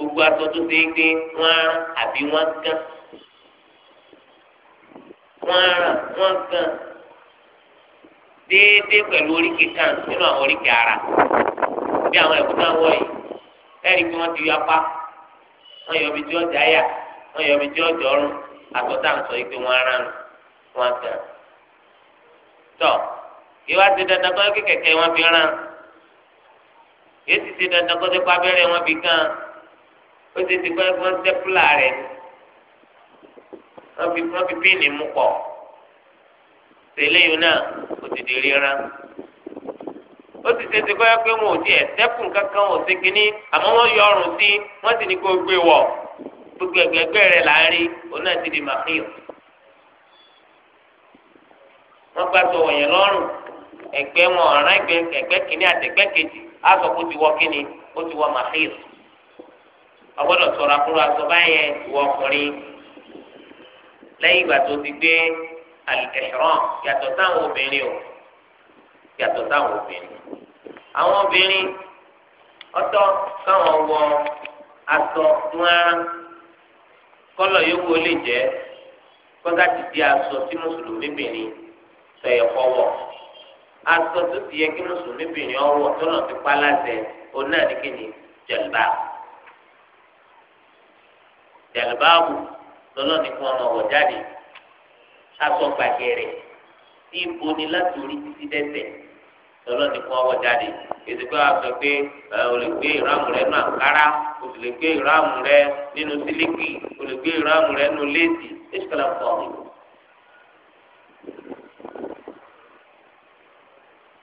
gbogbo aṣọ tó ṣe é gbé wọn á àbí wọn gán wọn á wọn gán déédéé pẹ̀lú oríkì kan nínú àwọn oríkì ara bí àwọn ẹ̀kú náà wọ̀ yìí ẹ̀rí pé wọ́n ti yọ apá wọ́n yọ ibi tí ọjà àyà wọ́n yọ ibi tí ọjà ọrùn àtọ́tà ń sọ pé wọ́n ara wọn gán tọ́ ìwà ti dandan kọ́ kí kẹ̀kẹ́ wọn fi rán èsì ti dandan kọ́ sí pábẹ́rẹ́ wọn fi gán ó ti ti pẹ́ wọ́n sẹ́pùlà rẹ̀ wọ́n fi wọ́n fi píìnì mú pọ̀ tẹ̀léyìn náà ó ti di ríran ó ti ṣe kọ́ ya pé wọn ò tiẹ̀ sẹ́pù kankan ò ṣe kínní àmọ́ wọ́n yọ ọrùn sí wọ́n sì ní kó gbé wọ̀ gbogbo ẹgbẹgbẹ rẹ là ń rí òun náà ti di màkìyàn wọn gba tó wọnyẹn lọrùn ẹgbẹ wọn ọràn ẹgbẹ ẹgbẹ kìíní àti kejì á sọ kó ti wọ kíni ó ti wọ màkìyàn agbọ́dọ̀ ṣọ́ra kúrò aṣọ báyẹn ìwọ ọkùnrin lẹ́yìn ìgbà tó ti gbé al-ihram yàtọ̀ táwọn obìnrin o yàtọ̀ táwọn obìnrin àwọn obìnrin ọ̀tọ̀ káwọn wọ aṣọ ńlára kọlọ yòówó lè jẹ kọjá ti di aṣọ tí mùsùlùmí bìnrin sọyẹ kọwọ aṣọ tó ti yẹ kí mùsùlùmí bìnrin ọwọ tó náà ti pa láṣẹ onáà ní kíni jẹlbà jàlùbáàbù lọ́lọ́ni fún ọmọ wọ̀ jáde aṣọ gbàgẹ̀rẹ̀ tí ibo ni láti orí títí dẹ́sẹ̀ lọ́lọ́ni fún ọwọ́ jáde èsì pé wàá sọ pé o lè gbé ìráàmù rẹ nínú àǹkárá o sì lè gbé ìráàmù rẹ nínú sílíkì o lè gbé ìráàmù rẹ nínú léèsì eṣukala fọ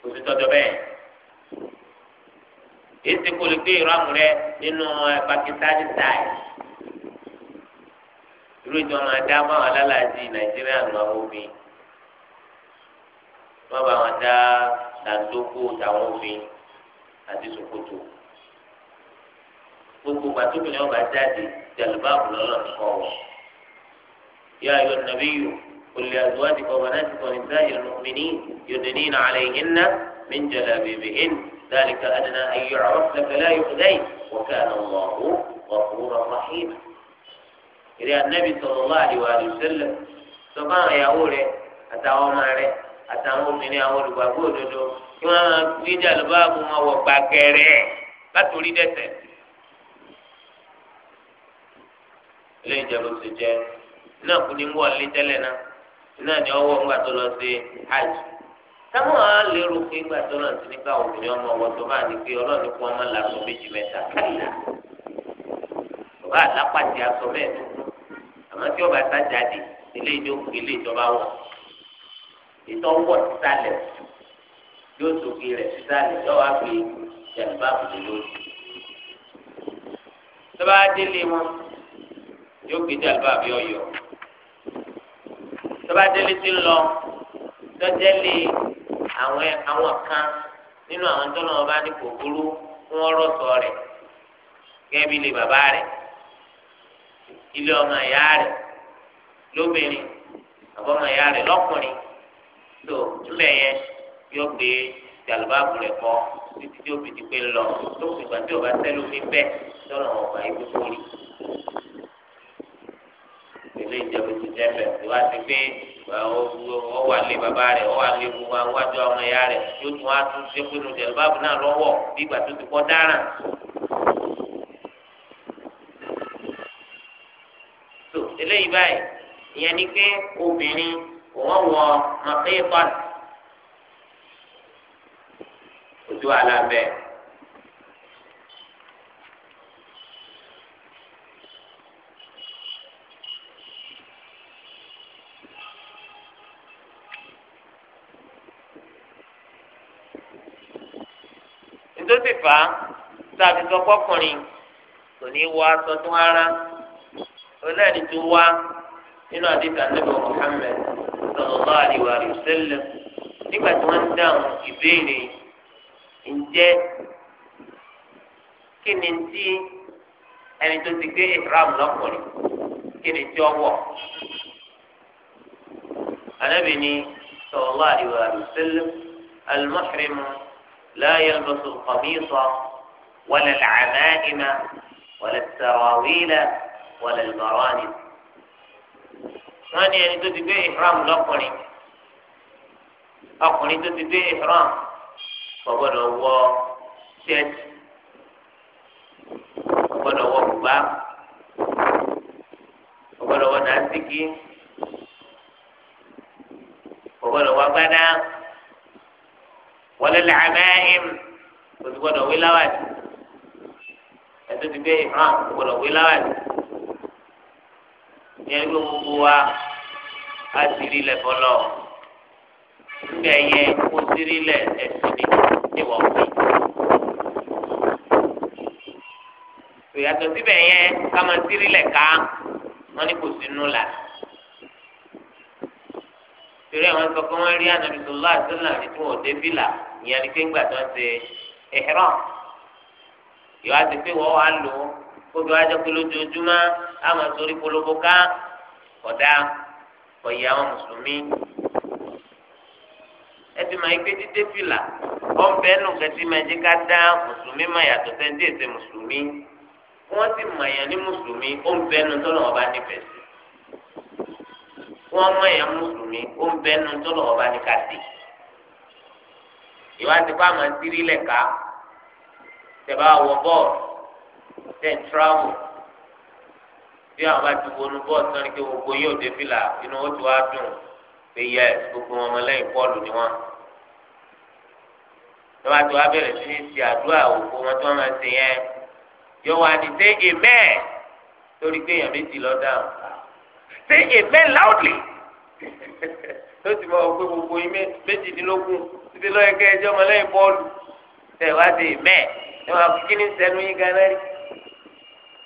òsì tọjọ bẹ́ẹ̀ èsì lè gbé ìráàmù rẹ nínú pakistani style irú ìjọ máa dá bá wọn lálàájì nàìjíríà nù àwọn obìnrin wọn bá wọn dá dàńdókò táwọn obìnrin àti ṣòkòtò gbogbo gbàtúbìnrin ọba jáde jàlùbáàbù lọ́lọ́ nìkan wọ̀ yá ayọ̀ nàbíyù olè àdúrádì kọ́ bàdá ti kọ́ni sáyẹ̀ lọ́mìnì yòdìní nà àlẹ́ yìí mí ń jẹ̀lẹ̀ bèbè hìn dáríkà àdínà ayọ̀ àwọn fẹlẹ́ yóò dẹ́yì wọ́n kẹ́ àná wọ̀ ọ́ wọ́n kúrò rọ̀ eré anabi sallallahu alaihi wa sallam sọ fún àwọn ìyàwó rẹ̀ àtàwọn ọmọ rẹ̀ àtàwọn obìnrin àwọn olùgbàgbọ́ òdodo kí wọ́n máa gbé jàlúbáàbù wọn wọ gbàgẹrẹ látòrí dẹ́ṣẹ̀. ilé ìjẹun ti jẹ náà kú ní wọlé tẹ́lẹ̀ náà ni ọwọ́ tó lọ sí hajj táwọn àwọn tí ọba ta jáde ilé ìjókòó ilé ìjọba wọ ìtọwọ sísàlẹ̀ yóò sòkè rẹ sísàlẹ̀ yóò wá fi jàǹbá bùnú lórí tọ́ba délé wọn yóò gbé jàǹbá bí ọyọ tọ́ba délé ti lọ tọ́jẹ́lé àwọn àwọn kan nínú àwọn tọ́lọ́mọba ní kòkúrú wọn rọ̀ sọ rẹ̀ gẹ́gẹ́ bí ilé bàbá rẹ̀ ilé ọmọ ìyá rẹ̀ lóbìnrin àbọ̀ ọmọ ìyá rẹ̀ lọ́kùnrin tó ńlẹ̀ yẹn yóò gbé jàlùbáàbù rẹ̀ kọ́ títí tí ó fi di pé lọ tó fi gbà tí ọba sẹ́lú mi bẹ́ẹ̀ lọ́nà ọ̀gbà yìí kúkú rí. ilé ìjọba ti jẹ́ bẹ̀ ìwà ti pé ọ wà lé bàbá rẹ̀ ọ wà lé gbogbo àwọn àjọ ọmọ ìyá rẹ̀ yóò tún wá tún ṣe pé jàlùbáàbù náà lọ́wọ́ bí ìgbà tó ti kọ́ dáràn eléyìí báyìí ìyẹn ni pé obìnrin wọ́n wọ mọ̀kéèkọ́ ojú alábẹ́ nítorí fà á tàbí sọ fọkùnrin kò ní wọ aṣọ tó ń rán. onáàdì tó wá nínú àdìsá níbi Muhammad sallallahu alaihi wa sallam nígbà tí wọ́n ń dáhùn ìbéèrè ǹjẹ́ kí ni ti ẹni tó ti gbé ìhram lọ́kùnrin kí ni tí ó wọ̀ anabi ni sallallahu alaihi wa sallam al-muhrimu la yalbasu al-qamisa wala al-amaima wala al-sarawila. wọlé lọ́rọ́ ni. wọ́n ní ẹni tó ti gbé ihram lọ́kùnrin ọkùnrin tó ti gbé ihram kò gbọ́dọ̀ wọ ṣẹ́ẹ̀tì kò gbọ́dọ̀ wọ bùbá kò wọ nàásìkì kò wọ agbádá wọlé làbáyìm kò wí láwàdì ẹni tó ti gbé ihram kò wí láwàdì yẹn ló gbogbo wa á ti rí lẹ fọlọ nígbà yẹ kó ti rí lẹ ẹsìn ní ìwọ pé. ìyàtọ̀ síbẹ̀ yẹn ká máa ti rí lẹ ká wọn ní kò sínú là torí àwọn sọ pé wọn rí ànábi tó lọ àti ọlànà tí wọn ò dé bílà ìyẹn ni pé ńgbà tó ń ṣe ihram ìwádìí pé wọn wà lò ó kó bí wọn á jẹ pé lójoojúmọ́ àmọ́ torí polówó ká ọ̀dà ọ̀yẹ àwọn mùsùlùmí ẹtì máa ń gbé dídé fìlà ọ̀bẹ nù kẹtì máa jẹ́ ká dá mùsùlùmí máa yàtọ̀ sẹ́ńdí èsè mùsùlùmí wọ́n sì mọ̀yàn ní mùsùlùmí ọ̀bẹ nù tọ́lọ̀ ọba nífẹ̀ẹ́ sí wọ́n mọ̀yàn mùsùlùmí ọ̀bẹ nù tọ́lọ̀ ọba ní ká ìwádìí kó àmọ́ sírí lẹ̀ka tẹ̀ bá wọ bọ́ọ̀lù tẹ̀ ń bí àwọn bá ti wọnú bọ́ọ̀sì náà ní kí gbogbo yóò dé fìlà inú ó ti wá dùn pé yẹ gbogbo wọn ọmọlẹ́yìn pọ́ọ̀lù ni wọ́n. lọ́wọ́ àti wá bẹ̀rẹ̀ sí ní ti àdúrà òkú wọn tí wọ́n máa ti yẹn yóò wá di say amen torí pé èèyàn méjì lọ dáhùn say amen loudly *laughs* ló ti mọ̀ pé gbogbo yín méjìdínlógún títí lọ́yẹ̀kẹ́ ẹjọ́ ọmọlẹ́yìn pọ́ọ̀lù tẹ̀ wá sí amen ẹ̀ wá kí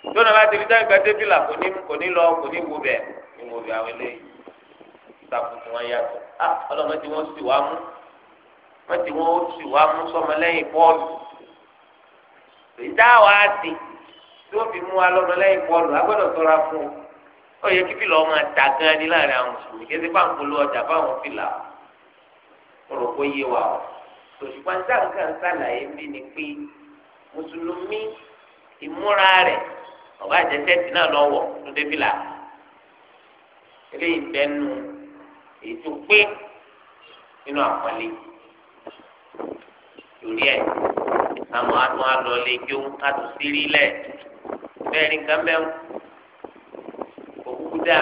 tó náà láti rí táyì gbàdé bílà kò ní kò ní lọ kò ní wo bẹ ní wo bẹ àwọn eléyìí ìtàkùn fún wọn yàtọ̀ á ọlọ́mọ tí wọ́n sì wá mú wọ́n ti wọ́n sì wá mú sọmọlẹ́yìn bọ́ọ̀lù ìdáwà á ti tí wọ́n fi mú wa lọ́mọlẹ́yìn bọ́ọ̀lù agbọ́dọ̀ tọ́ra fún un ó yẹ kí fìlà ọmọ àtà gan ni láàrin àwọn mùsùlùmí kí ẹ ti fà ń polówó ọjà fáwọn fìlà ọ̀rọ̀ kó yé wa o tòṣùpá sáǹkà ń sàlàyé bí ni pé mùsùlùmí ìmúra rẹ̀ ọba ìjẹsẹsì náà lọ wọ tó débi là eléyìí bẹnu èyí tó pé nínú àpọlẹ lórí ẹ àwọn àtún alọlẹ kí òun kàtó sírí lẹ bẹ́ẹ̀ ní nǹkan bẹ ń òkú dá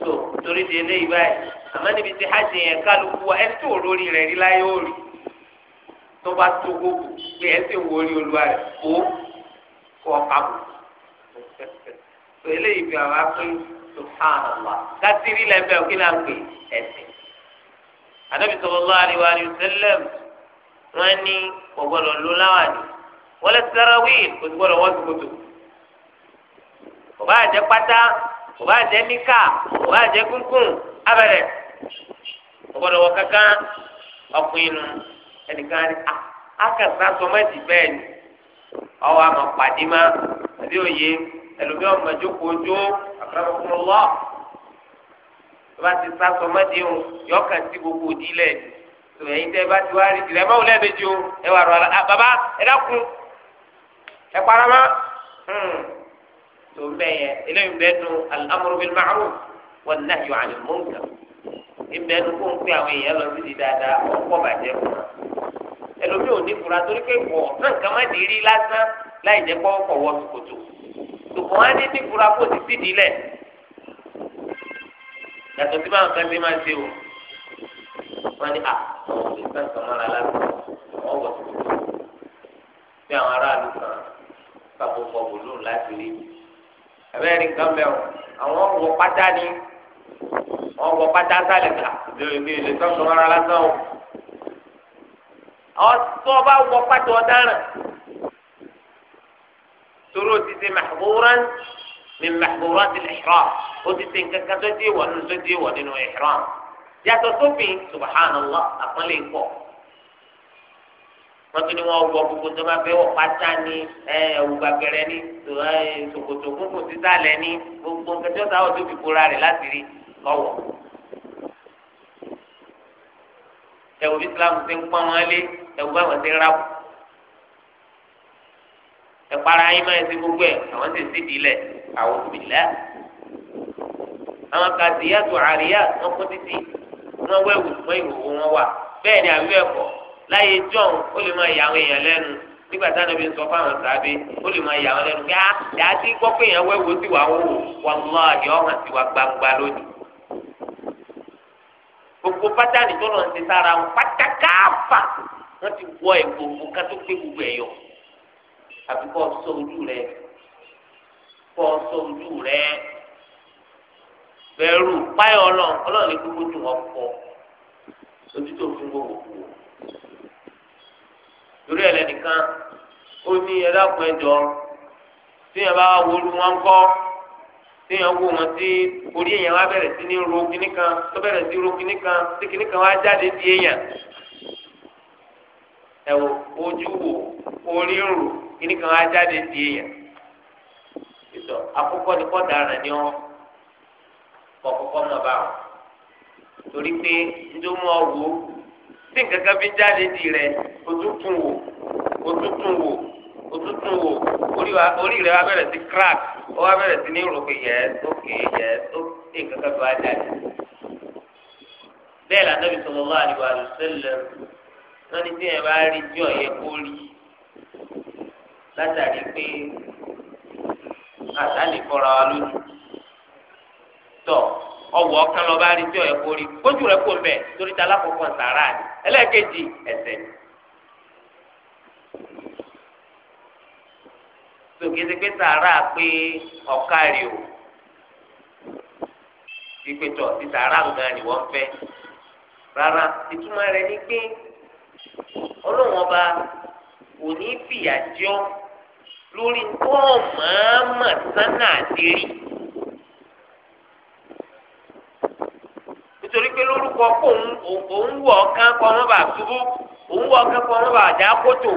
tó torí di eléyìí báyìí àmọ́ níbi tí hajj yẹn kálukú wa ẹ tó lórí rẹ rí láyé ó rí tó bá tó gbogbo pé ẹ sì ń olúwa rẹ kó kó ọkà bò tó eléyìí fi àwọn akpé subhanallah kásìrì lẹ́bẹ̀ẹ́ òkè náà pè ẹ̀sìn anabi sallallahu alaihi wa sallam wọn ní kò gbọ́dọ̀ ló láwàní wọlé sarawil kò gbọ́dọ̀ wọn tukutu kò bá jẹ pátá kò bá jẹ níkà kò abẹrẹ kò gbọ́dọ̀ kankan ọkùnrin nu ẹnìkan á ah, kàtà sọmọ ẹdì bẹ́ẹ̀ ni ọwọ́ àmọ́ pàdé má àbí òye ẹlòmíì ọmọ ìjókòó jó àkàràmọ́kúrò lọ tó bá ti sá sọ mọ́dé o yọ kàn sí gbogbo òdì lẹ̀ tó ẹ̀yin tẹ́ bá ti wá rí jìlẹ̀ mọ́wò lẹ́ẹ̀mejì o ẹ wà rọ̀ à bàbá ẹ dákun ẹ para hmm. tó bẹ yẹ eléyìí bẹ́ẹ̀ nu al-amru bil ma'ruf wan-nahyu 'anil munkar ìbẹ́ẹ̀ nu kó ń pè àwọn èèyàn lọ sí di dáadáa ọ̀pọ̀ bàjẹ́ fún wa ẹlòmí ò ní fura torí pé wọ̀ náà nǹkan má di rí lásán láì jẹ́ pọ́ fọwọ́ sòkòtò tòkàn á ní ní fura kó ti sí ìdílẹ̀ yàtọ̀ sí báwọn kan ṣe máa ṣe o wọ́n ni à àwọn òbí sáà kan mára lásán wọ́n wọ̀ sòkòtò bí àwọn aráàlú kan kàbó fọ bòlú láti rí abẹ́rẹ́ nǹkan mẹ́wọ̀ àwọn wọ pátá ni wọ́n wọ pátá sálẹ̀ ká lórí ilé ìlú sọ́kùnrin ara lásán o ọtọ bá wọ pàtó ọ̀daràn tóró ti ṣe mahburan min mahburan ti ihram ó ti ṣe nǹkan kan tó dé wọ nínú tó dé wọ nínú ihram yàtọ̀ sófin subhanallah àpọ́nlé pọ̀ wọ́n tún ní wọ́n wọ gbogbo tó bá fẹ́ wọ pátá ní ẹ̀wù gbàgẹrẹ ní ṣòkòtò kúkú sísàlẹ̀ ní gbogbo nǹkan tó sáwọ́ tó fi kóra rẹ̀ láti rí lọ́wọ́. ẹ̀wù Islam ti ń pọ́n wọn lé ẹ̀wù báwọn ti ráwù ẹ̀para yín máa ń ṣe gbogbo ẹ̀ àwọn ti sì di ilẹ̀ àwọn òbí lẹ́ àwọn kàdíyà tó àríyá wọn kún títí wọn wẹ̀wù wọn ìhòòhò wọn wà bẹ́ẹ̀ ni àbí bẹ́ẹ̀ kọ́ láyé john ó lè máa yà àwọn èèyàn lẹ́nu nígbà tí Ànábì sọ fáwọn sàbẹ ó lè máa yà àwọn lẹ́nu pé ah, á dàtí gbọ́ pé èèyàn wẹ́wò sí wàá wò wàláhì ọ̀hún àti wàá gbangba lónìí. gbogbo pátánì tó lọ ń sára wọn pátákáfà wọ́n ti wọ ìgbòho ká tó pé gbogbo ẹ̀ yọ àfi kọ́ sọ ojú rẹ kọ́ sọ ojú rẹ bẹ̀rù páyọ̀ ọlọ́run ọlọ́run ní gbogbo tó wọ́n kọ́ ojú tó fún gbogbo kù torí ẹ̀ lẹ́nìkan ó ní ẹ̀dá kan ẹ̀jọ̀ tíyẹn bá wọlú wọn ń kọ́ téèyàn wó wọn sí orí èèyàn wá bẹ̀rẹ̀ sí ní ro kíní tó bẹ̀rẹ̀ sí ro kíní tí kíní wá jáde di èèyàn ẹwọ ojú wo orí rò kíní kan á jáde sí èèyàn ìtọ àkọ́kọ́ ni kọ dara ni ọ kọ kọkọ mọ bá wọn torí pé ndomu ọwọ tí nǹkan kan fi jáde di rẹ otútùn wò otútùn wò otútùn wò orí rẹ wa bẹ̀rẹ̀ sí crack ó wa bẹ̀rẹ̀ sí ní rògbè yẹ ókè yẹ ó tí nǹkan kan fi wá jáde bẹ́ẹ̀ lànà bí sọlọ lọ àdìgbò àdìgbò ṣẹlẹ̀ wọn ní tí ẹ bá rí tí ọyẹ kó rí látàrí pé àtàlẹ fọra wa lójú tọ ọwọ ọkàn lọ bá rí tí ọyẹ kó rí kójú rẹ kó mbẹ torí ta lákòókò sàrà ni ẹlẹ́ẹ̀kejì ẹsẹ̀ ni. tòkìtì pé sàrà pé ọ̀kárì o ìpètò ti sàrà gan ni wọ́n fẹ́ rárá ìtumọ̀ rẹ̀ ni pé ọlọ́run ọba kò ní fìyà jọ lórí tó màámà sánà àdérí nítorí pé lórúkọ kó òun wọ ọkàn kọ wọn bá ṣubú òun wọ ọkàn kọ wọn bá dá kótó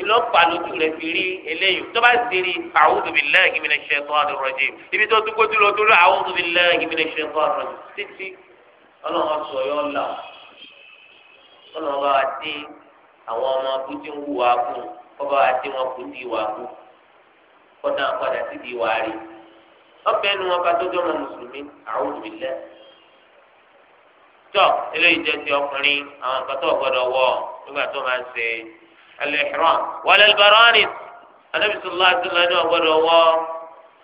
ìlọ́pàá lójú rẹ̀ fi rí eléyìí tó bá ti rí a'udhu billahi minash shaitanir rajim ibi tó dúkọ́ dúró dúró a'udhu billahi minash shaitanir rajim títí ọlọ́run sọ yọ ọ́ la kọ́nà wọn bá wa dín àwọn ọmọ abúlé ń wù wá kú kọ́ bá wa dín wọn kú sí ìwà kú kọ́nà padà sí di ìwà rí ọbẹ̀ nu wọn bá tọ́jú ọmọ mùsùlùmí àwọn òbílẹ̀ tọ́ eléyìí jẹ́ ti ọkùnrin àwọn nǹkan tó gbọ́dọ̀ wọ̀ nígbà tó máa ń ṣe al-ihram wal al-baranis anabi sallallahu alaihi ọgbọ́dọ̀ wọ̀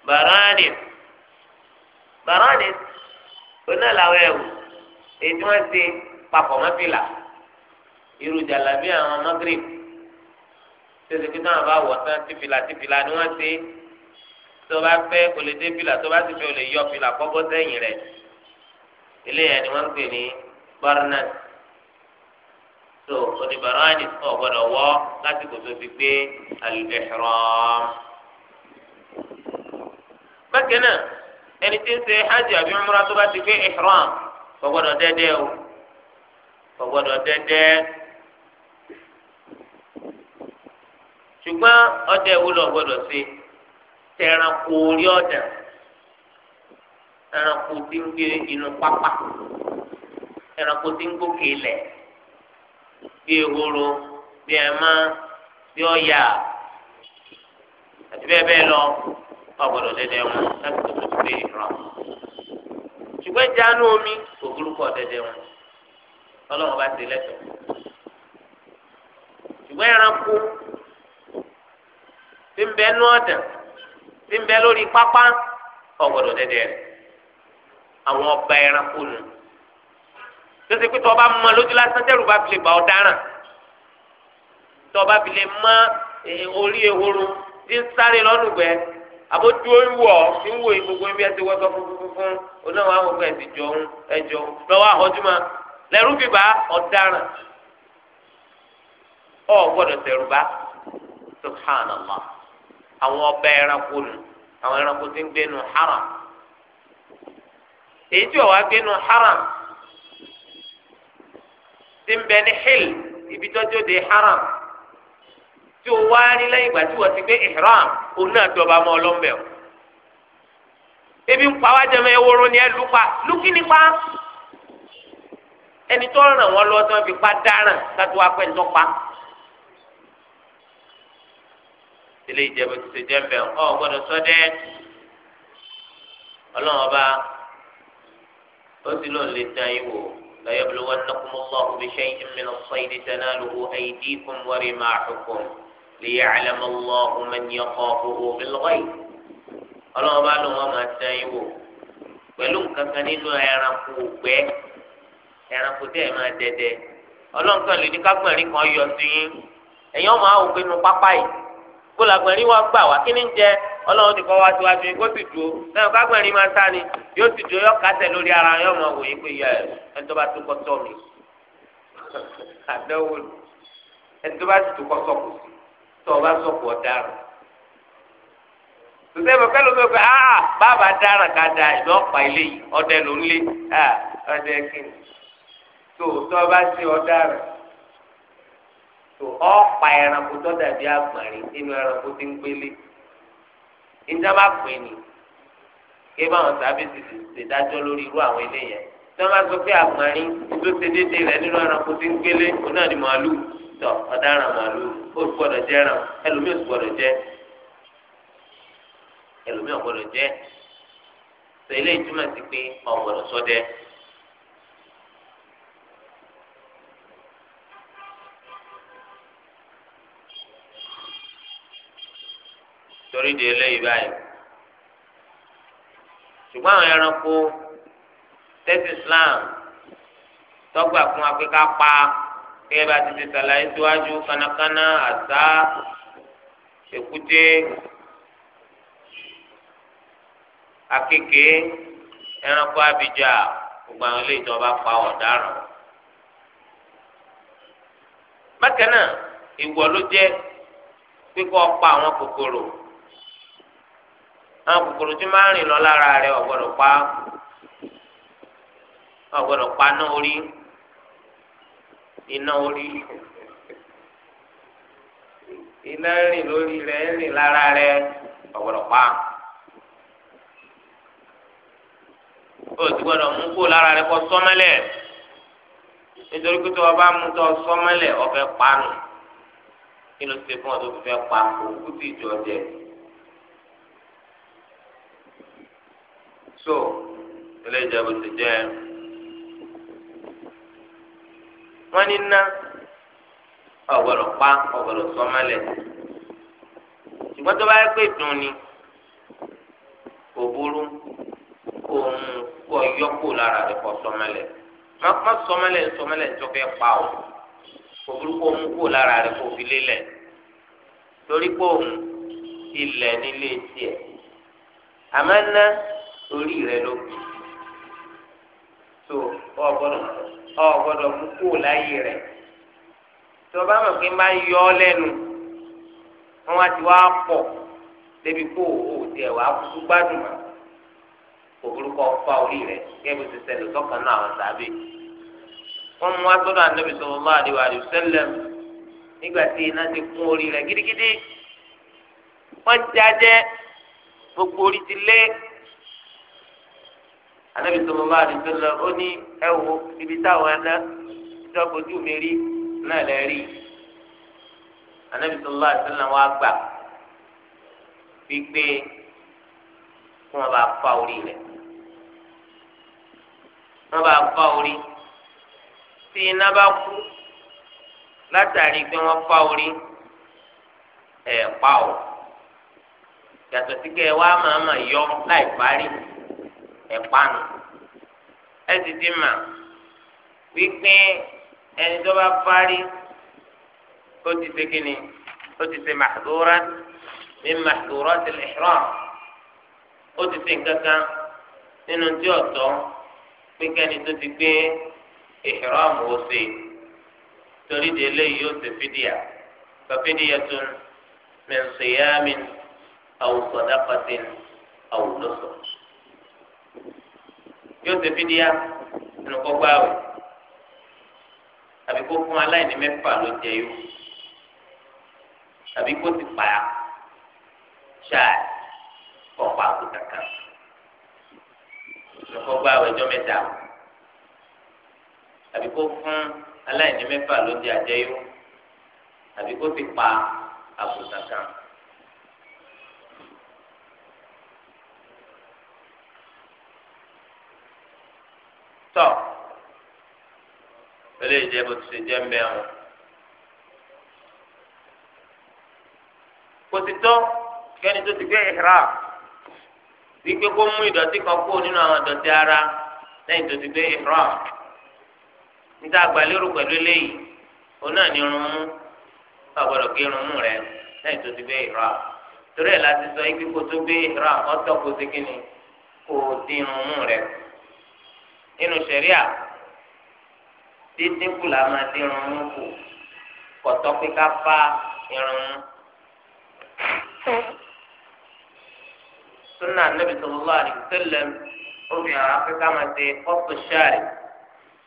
baranis baranis onáàlàwẹ̀ ẹ̀wù èyí tí wọ́n ṣe papọ̀ mọ́fìlà irú jàlábí àwọn magrib tẹsí pé táwọn bá wọ̀ tán tìfìlà tìfìlà ni wọ́n ṣe tó bá fẹ́ o lè dé fìlà tó bá sì fẹ́ o lè yọ fìlà kọ́kọ́ sẹ́yìn rẹ̀ eléyà ni wọ́n ń pè ní barnett so oníbàárànì tó gbọ́dọ̀ wọ̀ láti kò tó fi gbé al-ihram. bákan náà ẹni tí ń ṣe hajj àbí umrah tó bá ti gbé ihram kò gbọ́dọ̀ dẹ́dẹ́ o kò gbọ́dọ̀ dẹ́dẹ́ ṣùgbọ́n ọdẹ ìwúlò ọ̀gbọ́dọ̀ ṣe tẹranko orí ọ̀dà ẹranko tí ń gbé inú pápá ẹranko tí ń gòkè ilẹ̀ bí ehoro bí ẹmọ bí ọ̀yà àti bẹ́ẹ̀ bẹ́ẹ̀ lọ ọ̀gbọ́dọ̀ dẹ́dẹ́ wọn láti tó tó gbé ìrọ̀ ṣùgbọ́n jáánú omi kò burúkú ọ̀dẹ́dẹ́ wọn ọlọ́run bá ti lẹ́tọ̀ọ́ ṣùgbọ́n ẹranko tí ń bẹ nú ọ̀dàn tí ń bẹ lórí pápá ọ̀gbọ̀dọ̀ dẹ́dẹ́ rẹ̀ àwọn ọba ẹranko nù tẹsí pé tọba mọ lójú lásán tẹrù bá fi lè bá ọ dáràn tọba fi lè mọ orí ehoro tí ń sáré lọ́nùgbẹ́ àbójú ìwọ̀ tí ń wo ìgbogbo ibi ẹsẹ̀ wọ́sọ fúnfúnfún onáwó àwọn ọgbà ẹ̀sìn jọ̀hún ẹ̀jọ̀hún lọ́wọ́ àhọ́júmọ́ lẹ́rú bíbá ọ̀daràn ọ̀ gbọ́dọ̀ tẹ̀rù bá subhanallah àwọn ọba ẹranko nù àwọn ẹranko tí ń gbé nu haram èyí tí ọwọ́ gbé nu haram tí ń bẹ ní hill ibi tọ́jú de haram tí o wá rí lẹ́yìn ìgbà tí wọ́n ti gbé ihram òun náà dọ̀bà mọ́ ọlọ́mbẹ́ o ebi ń pa wá jẹmọ ewúro ni ẹ lù pa lùkì nípa ẹni tó ràn wọ́n lọ́wọ́ tí wọ́n fi pa dáràn kátó wá pẹ́ ń tọ́ pa. ilé ìjẹ̀bù ti ṣe jẹ́ mbẹ́ ọ̀ gbọ́dọ̀ sọ́dẹ́ ọlọ́run ọba ó sì lóun lè dán yín wò ليبلونكم الله بشيء من الصيد تناله أيديكم ورماحكم ليعلم الله من يخافه بالغيب ọlọ́run bá lóun ọmọ ẹ̀sán yín wò pẹ̀lú nǹkan kan nínú ẹranko ògbẹ́ ẹranko tẹ́ ẹ̀ máa dẹdẹ ọlọ́run kan lè ní kágbọ̀nrín kan yọ sí yín ẹ̀yin ọmọ àwọn òpinnu pápá yìí kó làgbẹ̀rín wa gbà wá kí ni ń jẹ ọlọ́run ti kọ́ wá síwájú yìí kó sì dúró lẹ́yìn kó àgbẹ̀rín máa ta ni yóò sì dúró yóò kásẹ̀ lórí ara yóò mọ̀ wò yí pé yẹ ẹni bá tún kọ́ sọ mi *laughs* àdánwò ẹni bá tún kọ́ sọ kù sí tó bá sọ kù ọ dáràn. sọ́sẹ́ mi pẹ́lú mi pé ah bàbá dáràn ká da ìmọ̀ ọ̀pá ilé yìí ọdẹ ló ń lé ọdẹ kí ni tó o bá sí ọ tó ọ̀pá ẹranko tó dàbí àgbọ̀nrín nínú ẹranko tí ń gbélé ìjọba pè ní kí báwọn sábẹ́sì ṣe dájọ́ lórí irú àwọn ilé yẹn tí wọ́n bá sọ pé àgbọ̀nrín tó ṣe déédéé rẹ̀ nínú ẹranko tí ń gbélé òun náà ni màálù tọ ọ̀daràn màálù ó gbọ́dọ̀ jẹ́ ẹran ẹlòmíì ó gbọ́dọ̀ jẹ́ ẹlòmíì ó gbọ́dọ̀ jẹ́ tẹ̀lé ìtumọ̀ sí pé ọ̀gbọ̀dọ̀ sọ́dẹ́. torí de eléyìí báyìí ṣùgbọ́n àwọn ẹranko tẹ́sí Islam tọ́gbà fún akéka pa gẹ́gẹ́ bá ti ti sàlàyé síwájú kánákáná àṣá èkúté akéke ẹranko abidjà gbogbo àwọn eléyìí tó bá pa ọ̀daràn. bákan náà ìwọ ló jẹ́ pé kó o pa àwọn kòkòrò àwọn kòkòrò tí máa ń rìn lọ lára rẹ ọ̀gbọ́dọ̀ pa ọ̀gbọ́dọ̀ pa ná orí iná orí iná rìn lórí rẹ rìn lára rẹ ọ̀gbọ́dọ̀ pa o ti gbọ́dọ̀ mú kó lára rẹ kọ sọmẹlẹ nítorí pé tó o bá mú tó sọmẹlẹ ọfẹ panu kí ló ti fún ọ tó fi fẹ́ pa òkú ti jọ jẹ. so ilé ìjẹbù ti jẹ wọn ní ná ọgbọdọ pa ọgbọdọ sọmọlẹ ṣùgbọ́n tó bá yẹ pé dùn ni kò burú kò mú kò yọkù lára rẹ kò sọmọlẹ má sọmọlẹ sọmọlẹ tó fẹ́ pa o kò burú kò mú kò lára rẹ kò fi lélẹ̀ torí kò mú ilẹ̀ nílé tiẹ̀ àmọ́ ná torí rẹ ló kù tó ọ gbọ́dọ̀ ọ gbọ́dọ̀ mú kó láyé rẹ tí ọba mọ̀ pé má yọ ọ lẹ́nu wọn wá ti wá pọ̀ débi kó o tiẹ̀ wá kú gbádùn mọ́ òbúrúkọ fa orí rẹ kẹ́mi ti ṣẹlẹ̀ sọ́kàn náà àwọn sàbẹ̀ wọ́n mú wá sọ́dọ̀ ànábì sallallahu alaihi wasallam nígbà tí iná ti kún orí rẹ gidigidi wọ́n jáde gbogbo orí ti lé anabi sọlọlá àdìsọlọ ó ní ẹ wo ibi táwọn ẹná tí wọn fojú mi rí náà lẹ rí anabi sọlọlá àdìsọlọ wọn gbà wípé kí wọn bá fa orí rẹ wọn bá fa orí tí iná bá kú látàrí pé wọn fa orí ẹ pa ọ yàtọ̀ sí kẹ́ ẹ màmá yọ láì parí ẹ̀pánu ẹ ti ti mà wípé ẹni tó bá parí ó ti ṣe kíni ó ti ṣe màdúrà ní màdúrà ti lè ṣọ́ ó ti ṣe nǹkan kan nínú tí ọ̀tọ̀ pé kẹ́ni tó ti gbé ìṣòro ọ̀sẹ̀ torí de eléyìí ó ṣe fídíà fàfídíà tún min siyamin aw sadaqatin aw nusuk yóò ṣe fídíà nínú kọ́gbá rẹ̀ àbí kó fún aláìní mẹ́fà ló jẹ yó àbí kó ti pa ṣáà kọ́pá àgùntà kan nínú kọ́gbá rẹ̀ jọ mẹ́ta àbí kó fún aláìní mẹ́fà ló jẹ àjẹyó àbí kó ti pa àgùntà tọ́ pẹ̀lú ìjẹ́ bó ti ṣe jẹ́ mẹ́rin. kò sì tọ́ kẹ́ni tó ti gbé ìhra wípé kó mú kan nínú àwọn ìdọ̀tí ara lẹ́yìn tó ti gbé ìhra níta àgbàlérò eléyìí òun náà ní irun mú gé irun mú rẹ ti gbé ìhra torí láti sọ ikú kó tó gbé ìhra kó ti irun mú rẹ inu sẹ̀ríà dídínkù la máa dín irun mú kù kọ̀tọ́ pé ká bá irun mú. sunna anabi sallallahu alayhi wa sallam obìnrin àwọn afẹ́ká máa ṣe ọ̀pọ̀ ṣáàrì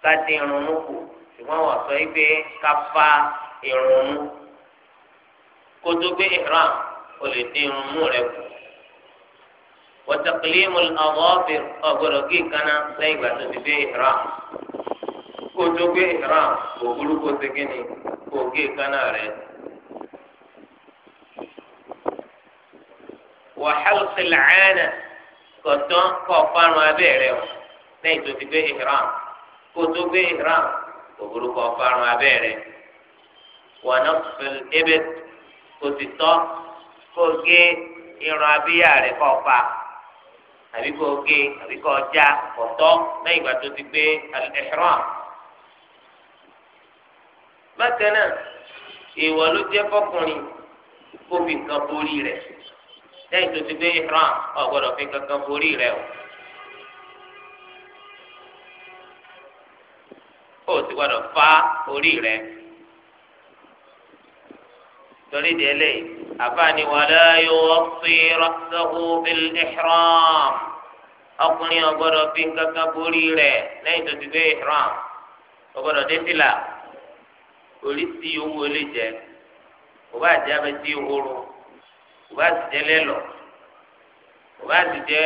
ká dín irun mú kù ṣùgbọ́n wọ́n sọ pé ká irun gbé o lè dín irun rẹ وتقليم الأظافر أبرقي كان ليبا تبي إحرام kótó gbé ìhram òkúlù kó segini kó gé kánà rẹ̀. wàhálà kìlànà kọ̀tọ́ kọ̀ fárun abẹ́ rẹ̀ o lẹ́yìn tó ti gbé ìhram kótó gbé ìhram òkúlù kọ̀ fárun abẹ́ rẹ̀. wọnà fìlì ebe kò sì tọ́ kó gé irun abíyá rẹ̀ kọ̀ pa. àbí kò gé àbí kò já ọ̀tọ́ lẹ́yìn ìgbà tó ti gbé al-ihram. bákan náà ìwọ ló jẹ́ fọkùnrin kó fi nǹkan borí rẹ̀ lẹ́yìn tó ti gbé ihram ò gbọ́dọ̀ fi kankan borí rẹ̀ o. ó ti gbọ́dọ̀ fá orí rẹ̀ torí di eléyìí àfààní wàlá yóò fi rọ́ṣọ́kù bil ihram ọkùnrin ò gbọ́dọ̀ fi kankan borí rẹ̀ lẹ́yìn tó ti gbé ihram ò gbọ́dọ̀ dé fìlà oríṣi owó lè jẹ kò bá jẹ abẹsí ehoro kò bá sì jẹ lẹlọ kò bá sì jẹ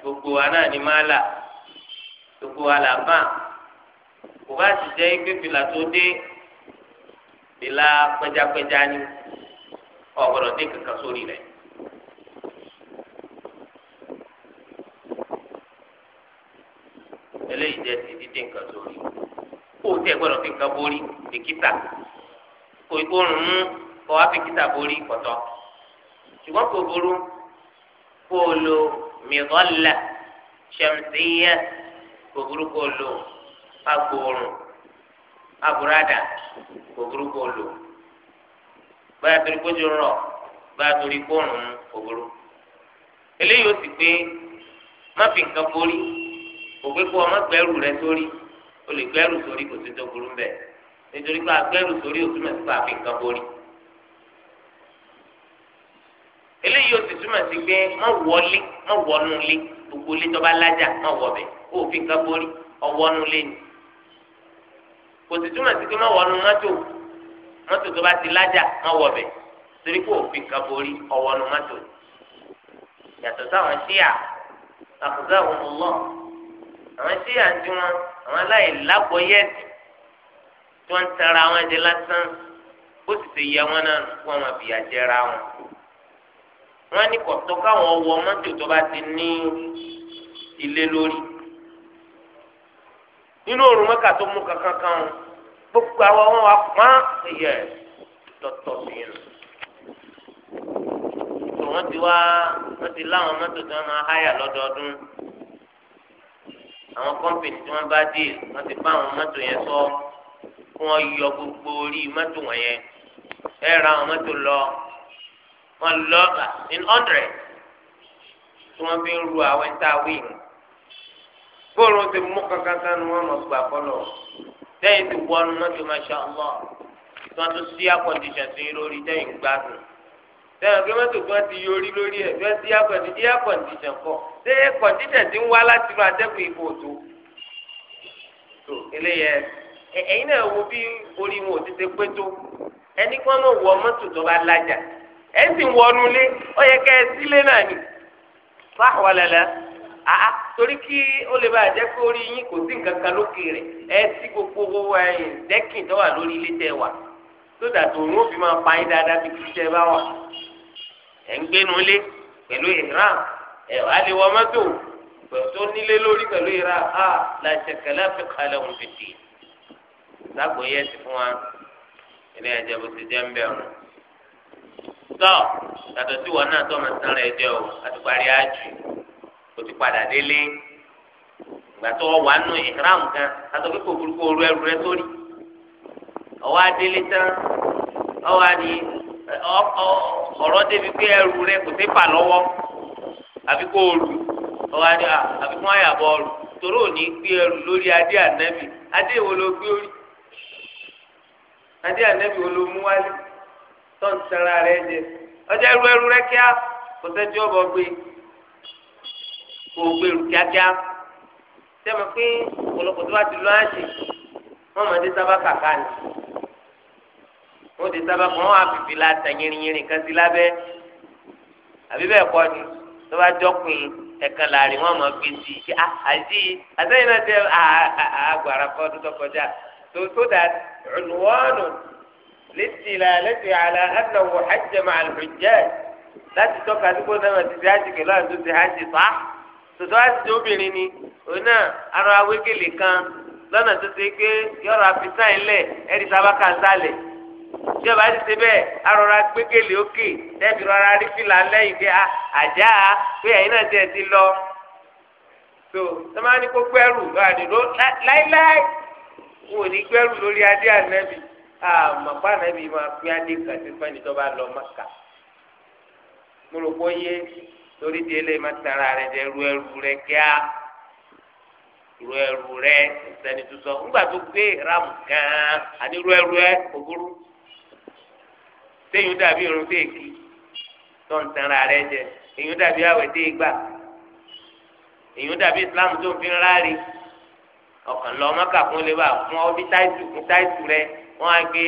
gbogbo anáànímàlà gbogbo alàbà kò bá sì jẹ ikpe fìlà tó dé fìlà pẹjapẹja ni ò dé kankan sórí rẹ̀. eléyìí jẹ́ ti dídé nǹkan sórí kó o tẹ̀ gbọ́dọ̀ fi nǹkan borí èkìtà kò ìgbórùn mú kó wá fi èkìtà borí kọ̀tọ́ ṣùgbọ́n kò burú kó o lo mìíràn ṣẹmùsíyẹ kò burú kó o lo agbóorùn aburada kò burú kó o lo báyà torí kó jù rọ báyà torí kó rùn o burú eléyìí ó sì pé má fi nǹkan borí òpè kó ọmọ gbẹrù rẹ sórí o lè gbẹrù sórí kò sí tó burú mbẹ nítorí pé agbẹrù sórí o túmọ̀ sí pé àfi nǹkan borí eléyìí o sì túmọ̀ sí pé mọ wọlé mọ wọnú lé gbogbo lé tọ́ba lájà mọ wọbẹ̀ o fi nǹkan borí ọwọ́nú lé ni kò sì túmọ̀ sí pé mọ wọnú mọ́tò mọ́tò tó bá ti lájà mọ wọbẹ̀ torí pé o fi nǹkan borí ọwọ́nú mọ́tò yàtọ̀ sáwọn ṣíà àkùzá òun lọ́ọ̀ àwọn tí à ń tí wọn àwọn aláìlágbọ́yé ẹ̀sìn tí wọ́n ń tara wọn jẹ lásán bó sì ṣe yẹ wọn náà kó wọn fìyà jẹra wọn. wọ́n ní kọ̀tọ́ káwọn ọwọ́ mọ́tò tó bá ti ní ilé lórí. nínú òrùn mẹ́ka tó mú kankan kan gbogbo àwọn wọn wá pọ́n ẹ̀yẹ lọ́tọ̀ bìín. tòun ti wá wọ́n ti láwọn mọ́tò tí máa háyà lọ́dọọdún àwọn kọ́mpìnì tí wọ́n bá dé wọ́n ti bá àwọn mọ́tò yẹn sọ kí wọ́n yọ gbogbo orí mọ́tò wọn yẹn ẹ ra àwọn mọ́tò lọ wọ́n lọ in hundred tí wọ́n fi ń ru àwọn ẹ̀ta wíìn bóòrò ti mú kankankan ni wọ́n mọ̀ gbà fọlọ̀ lẹ́yìn ti wọnú mọ́tò masha allah tí wọ́n tún sí akọ̀ǹdíṣàn sí lórí lẹ́yìn gbádùn lẹ́yìn pé mọ́tò tí wọ́n ti yọrí lórí ẹ̀ tí sí akọ̀ǹdíṣàn kọ̀. ṣé kọ̀ǹdíṣẹ̀ ń wá láti inú atẹ́kùn ìbò tó tó eléyẹ ẹ̀yin náà wo bí orí wọn ò ti ṣe pé tó ẹni kí wọ́n mọ̀ wọ mọ́tò tó bá lájà ẹ̀ sì ń wọnú yẹ kẹ́ ẹ sílé náà ni fáwọn wàlẹ́lẹ́ àá torí kí ó lè jẹ́ yín kò sí nǹkan kan lókè rẹ̀ ẹ sí gbogbo owó ẹ̀yìn dẹ́kìn tó wà lórí ilé tẹ wà òun fi máa pa yín dáadáa bí tẹ bá wà ẹ̀ ń ẹ wà lè wọ mọ́tò tó nílé lórí pẹ̀lú ìra a láṣẹ kẹlẹ́ fi kalẹ̀ òun fìdí lágbo yẹ ti fún wa ilé ẹ̀jẹ̀ bó ti jẹ́ ń bẹ̀rù tọ́ yàtọ̀ sí wọn náà tọ́mọ sàn rẹ̀ jẹ́ o àti parí àjù o ti padà délé ìgbà tó wọ́n wà nù ìhram kan kátó pé kò burúkú rẹ sórí ọwọ́ adélé tán ọwọ́ adìyẹ ọ̀rọ̀ débi pé ẹrù rẹ kò sí pa lọ́wọ́ àbí kó o lù ọwọ́ adé à àbí kó wọ́n yà bọ́ ọ̀rù torí ò ní gbé ẹrù lórí adé ànẹ́bì adé wo ló gbé orí adé ànẹ́bì wo ló mú wálé tó ń tẹ̀ra rẹ jẹ ọjọ́ ẹrú ẹrú rẹ kíá kò sẹ́jú ọ̀bọ gbé kò gbé ẹrù kíákíá sẹ́mi pé ọ̀pọ̀lọpọ̀ tó bá ti lọ àṣì wọ́n máa dé sábà kàkà ni wọ́n dé sábà kàn wọ́n á fìfì la tẹ̀ kan sí lábẹ́ àbí bẹ́ẹ̀ kọ́ ni. tó bá ẹ̀kan láàrin wọn mọ̀ fi sí i àti ah, àtẹ̀yìn náà jẹ́ ah, ah, àgbàrá kọ́ tó tọkọjá tó tó dà ọ̀nùwọ́nù létí la létí àlà ẹ̀dínwó hajj màá lùjẹ́ láti tọ́ka àdúgbò náà ti ti hajj kìlọ́ àti ti fa tòtò àti obìnrin ni òun náà arọ awékèlè kan lọ́nà tó ṣe pé yọ̀rọ̀ àfisàn ilẹ̀ ẹ̀rí sábà kan sálẹ̀. tí o bá ti ṣe bẹ́ẹ̀ arọra gbégélé òkè tẹ́bi rọra rí fìlà lẹ́yìn pé ah, àjà pé ẹ̀yin náà tẹ̀ ti lọ. tó sọ́mọ́ ní kó gbẹ́rù àdìrò láíláí wò ní gbẹ́rù lórí adé ànẹ́bì àmọ̀pá ànẹ́bì máa pín adé kan sí fẹ́ni tó bá lọ mọ́kà. mo rò pé ó yé torí di eléyìí máa tara rẹ̀ jẹ́ ru ẹrù rẹ̀ kíá ru ẹrù rẹ̀ sẹ́ni tó sọ ńgbà tó gbé ram gan-an àní ru ẹrù ẹ̀ òbúrú téyìn dàbí irun tó èkì tó ń tanra rẹ jẹ èyí dàbí àwẹ̀ tó gbà èyí dàbí islam tó ń fi rárí ọkàn lọ ọmọ kàkún lè bá fún ọ bí táìtù fún táìtù rẹ wọn á gbé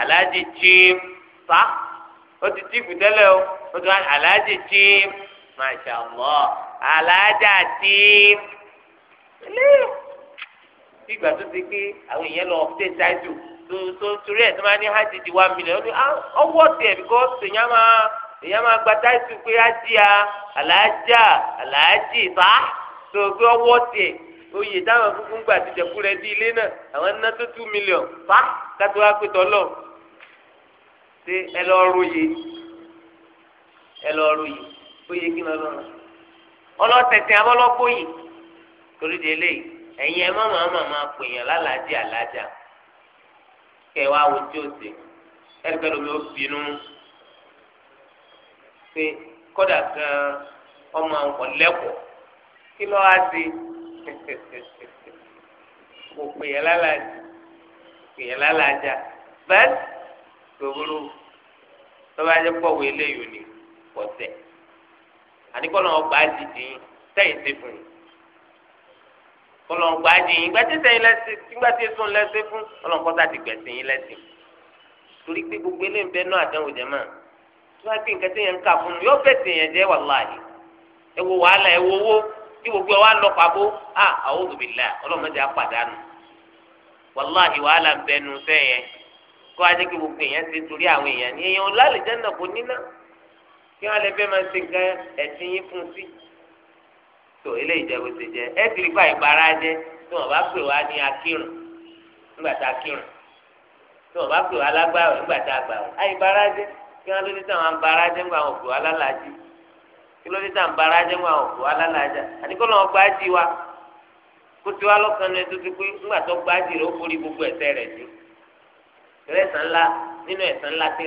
aláàjì chief fa ó ti chief tẹ́lẹ̀ o ó ti wá aláàjì chief masha allah aláàjà chief ilé ìgbà tó ti pé àwọn èèyàn lọ ọ́ fún táìtù tó torí ẹ̀ tó máa ní hajj di one million ó ní ah, ọwọ́ tiẹ̀ because èèyàn máa èèyàn máa gba táìsì pé ájí a àlàájá àlàájì bá tó pé ọwọ́ tiẹ̀ oyè táwọn kúkú ń gbà ti jẹ̀kú rẹ̀ di ilé náà àwọn ná tó two million bá kátó wá pé tọ́lọ̀ ṣé ẹ lọ róye ẹ lọ róye oyè kí lọ lọ́nà ọlọ́tẹ̀tẹ̀ abọ́lọ́gbóyè torí de eléyìí ẹ̀yin ẹ̀ má màmá máa pè yàn lálàájì àlàájá kẹ wá wo tí o sè ẹgbẹ́ lomi ó bínú pé kódà gan ọmọ àwọn lẹ́kọ̀ọ́ kí lọ́ wá sí *laughs* kò pè é lálàjà pè é lálàjà bẹ́ẹ̀ gbogbo lọ́ba jẹ́ pọ̀wé eléyìí ò ní pọ̀ tẹ̀ àníkọ́ náà ọgbà á ti dín sẹ́yìn sí fún yìí kọlọ̀ǹgbà di ìgbà tí sẹ́yìn lẹ́sìn ìgbà tí sùn lẹ́sìn fún ọlọ́ǹkọ́ tá ti gbẹ̀sìn yín lẹ́sìn torí pé gbogbo eléyìí ń bẹ náà àdánwò jẹ mọ́ tí wọ́n ti nǹkan tí yẹn ń kà fún un yóò bẹ̀sẹ̀ yẹn jẹ́ wàláhì ẹ wo wàhálà ẹ wo owó kí gbogbo ẹ wá lọ pàbó a a'udhu billah ọlọ́mọdé apàdánù wàláhì wàhálà ń bẹnu sẹ́yìn kó wá jẹ́ kí gbogbo èèyàn ti torí àwọn èèyàn ní èèyàn ọ̀làlẹ̀ jẹ́ nàkó níná kí wọ́n lè fẹ́ máa ṣe nǹkan ẹ̀sìn yín tó eléyìí jẹ bó ti jẹ ẹ kiri pa ìpara jẹ tí wọn bá pè wá ní akírun nígbà tá a kírun tí wọn bá pè wá lágbàwẹ nígbà tá a gbàwẹ àyè bara jẹ kí wọn lóde táwọn bara jẹ nígbà wọn pè wá lálàájì kí lóde táwọn bara jẹ nígbà wọn pè wá lálàájà àdìgbò náà gba jì wa kó tiwa lọkàn ní tuntun pé nígbà tó gba jì rẹ ó forí gbogbo ẹ̀ṣẹ̀ rẹ̀ jù ẹ̀ṣẹ̀ ńlá nínú ẹ̀ṣẹ̀ ńlá tí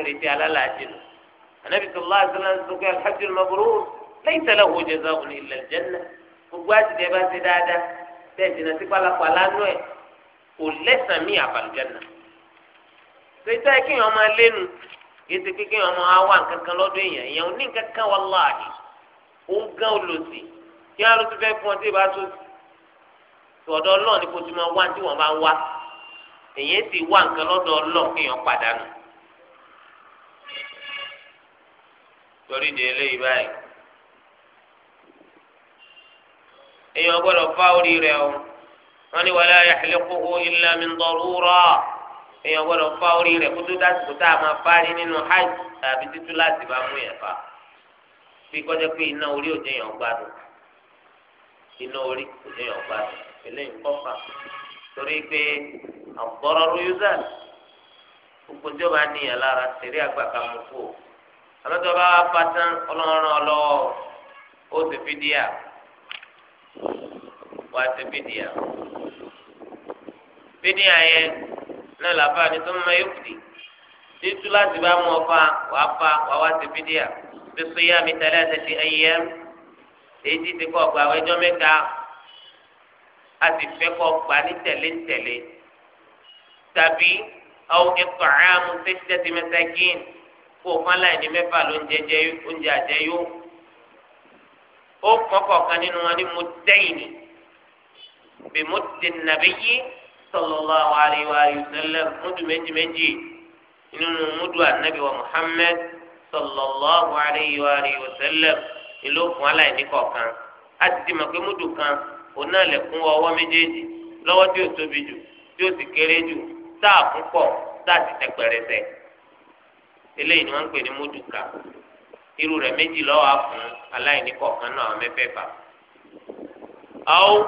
ń retí gbogbo àtìdẹ bá ṣe dáadáa tẹ ìdènà sí pálapàla nú ẹ kò lẹsàn mí àbàlùjẹnà tètè kéèyàn máa lẹnu yéte pé kéèyàn máa wá nǹkan kan lọ́dọ̀ èèyàn èèyàn ò ní nǹkan kan wà láàyè ó ń gán olòsì kí wọn ló ti fẹ́ fún ọ tí ì bá tó tọ̀dọ̀ náà ni kò ti máa wá tí wọ́n bá ń wá èèyàn sì wá nǹkan lọ́dọ̀ ọlọ́ọ̀ kéèyàn pàdánù torí de eléyìí báyìí. èèyàn gbọ́dọ̀ fá orí rẹ̀ o wọ́n ní wala yahliquhu illa min darura èèyàn gbọ́dọ̀ fá orí rẹ̀ kótó dásìkò tá a máa fá rí nínú hajj tàbí títú láti bá mú yẹn fá bí kọjá pé iná orí ò jẹ́ gbádùn iná orí kò jẹ́ yàn gbádùn eléyìí kọ́fà torí pé ad-dararu gbogbo tí o bá níyàn lára tẹ̀lé àgbà mú kú o àlọ́ tó bá wá fa tán ọlọ́run ọlọ́wọ́ ó sì fi díyà wàá ti bídìá bídìá yẹn náà làbá ni tó ń mọ yókùdì títú láti bá mú ọfà wàá fa wàá wá ti bídìá bí sọyá mi tẹ̀lé àtẹ̀tẹ̀ ẹ̀yẹ èyí ti ti kọ́ ọgbà ẹjọ́ mẹ́ta a ti fẹ́ kọ́ gbà ní tẹ̀lé tẹ̀lé tàbí àwọn ẹ̀tọ́ àmú tẹ́tẹ́tì mẹ́sàgín kó fún aláìní mẹ́fà ló ń jẹjẹ oúnjẹ àjẹyó ó kọ́kọ́ kan nínú wọn ní mo dẹ́yìn ni. bimuddi nabiyyi sallallahu alayhi wa sallam mudu meji meji. nínú mudu anabi wa muhammad sallallahu alayhi wa sallam ìlú fún ala kọ̀ọ̀kan a ti ti mọ̀ mudu kan òun náà lè kún ọwọ́ méjèèjì lọ́wọ́ tí ti tẹ si eléyìí ni wọ́n ń pè ní mudu kan irú méjì lọ́wọ́ àwọn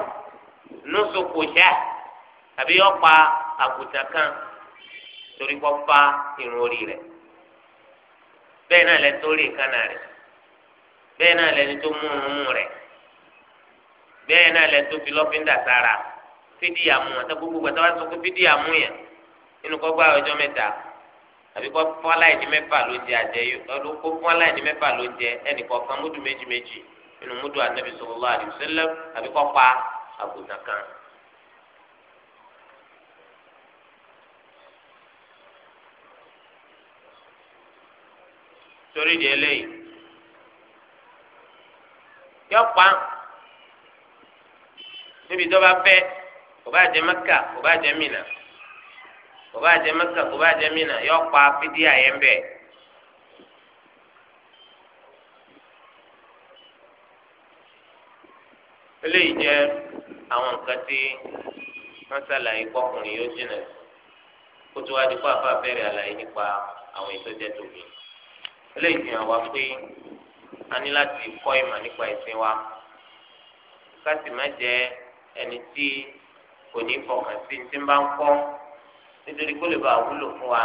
nusukùsà àbí yọ pa àkùtà kan torí kọ́ fa irun orí rẹ̀ bẹ́ẹ̀ náà lẹni tó rí ìkànnà rẹ̀ bẹ́ẹ̀ náà lẹni tó mú irun mú rẹ̀ bẹ́ẹ̀ náà lẹni tó fi lọ́fíńdà sára fídíà mú wọn tó gbogbo gbàtà wá sọ pé fídíà mú yẹn nínú kọ́ gbà ọjọ́ mẹ́ta àbí kọ́ fún aláìní mẹ́fà ló jẹ àjẹ ọdún kó fún aláìní mẹ́fà ló jẹ ẹnì kọ̀ọ̀kan múdù méjì méjì nínú múdù ànábì sallallahu alaihi wasallam àbí kọ́ pa àgùntàn kan. torí di eléyìí yọpa níbi tó bá fẹ́ kò bá jẹ Mẹ́kà kò bá jẹ Mínà kò bá jẹ Mẹ́kà kò bá jẹ Mínà yọpa fídíà yẹn bẹ́ẹ̀. eléyìí jẹ́ àwọn nǹkan tí wọn ṣàlàyé kọkùnrin yóò jìnà kó tó wá di kó àfa bẹ̀rẹ̀ àlàyé nípa àwọn ètò jẹ tóbi eléyìí fi hàn wá pé a ní láti kọ́ ìmọ̀ nípa ìsìn wa ká sì má jẹ ẹni tí kò ní fọkàn sí tí ń bá ń kọ́ nítorí kó lè bá wúlò fún wa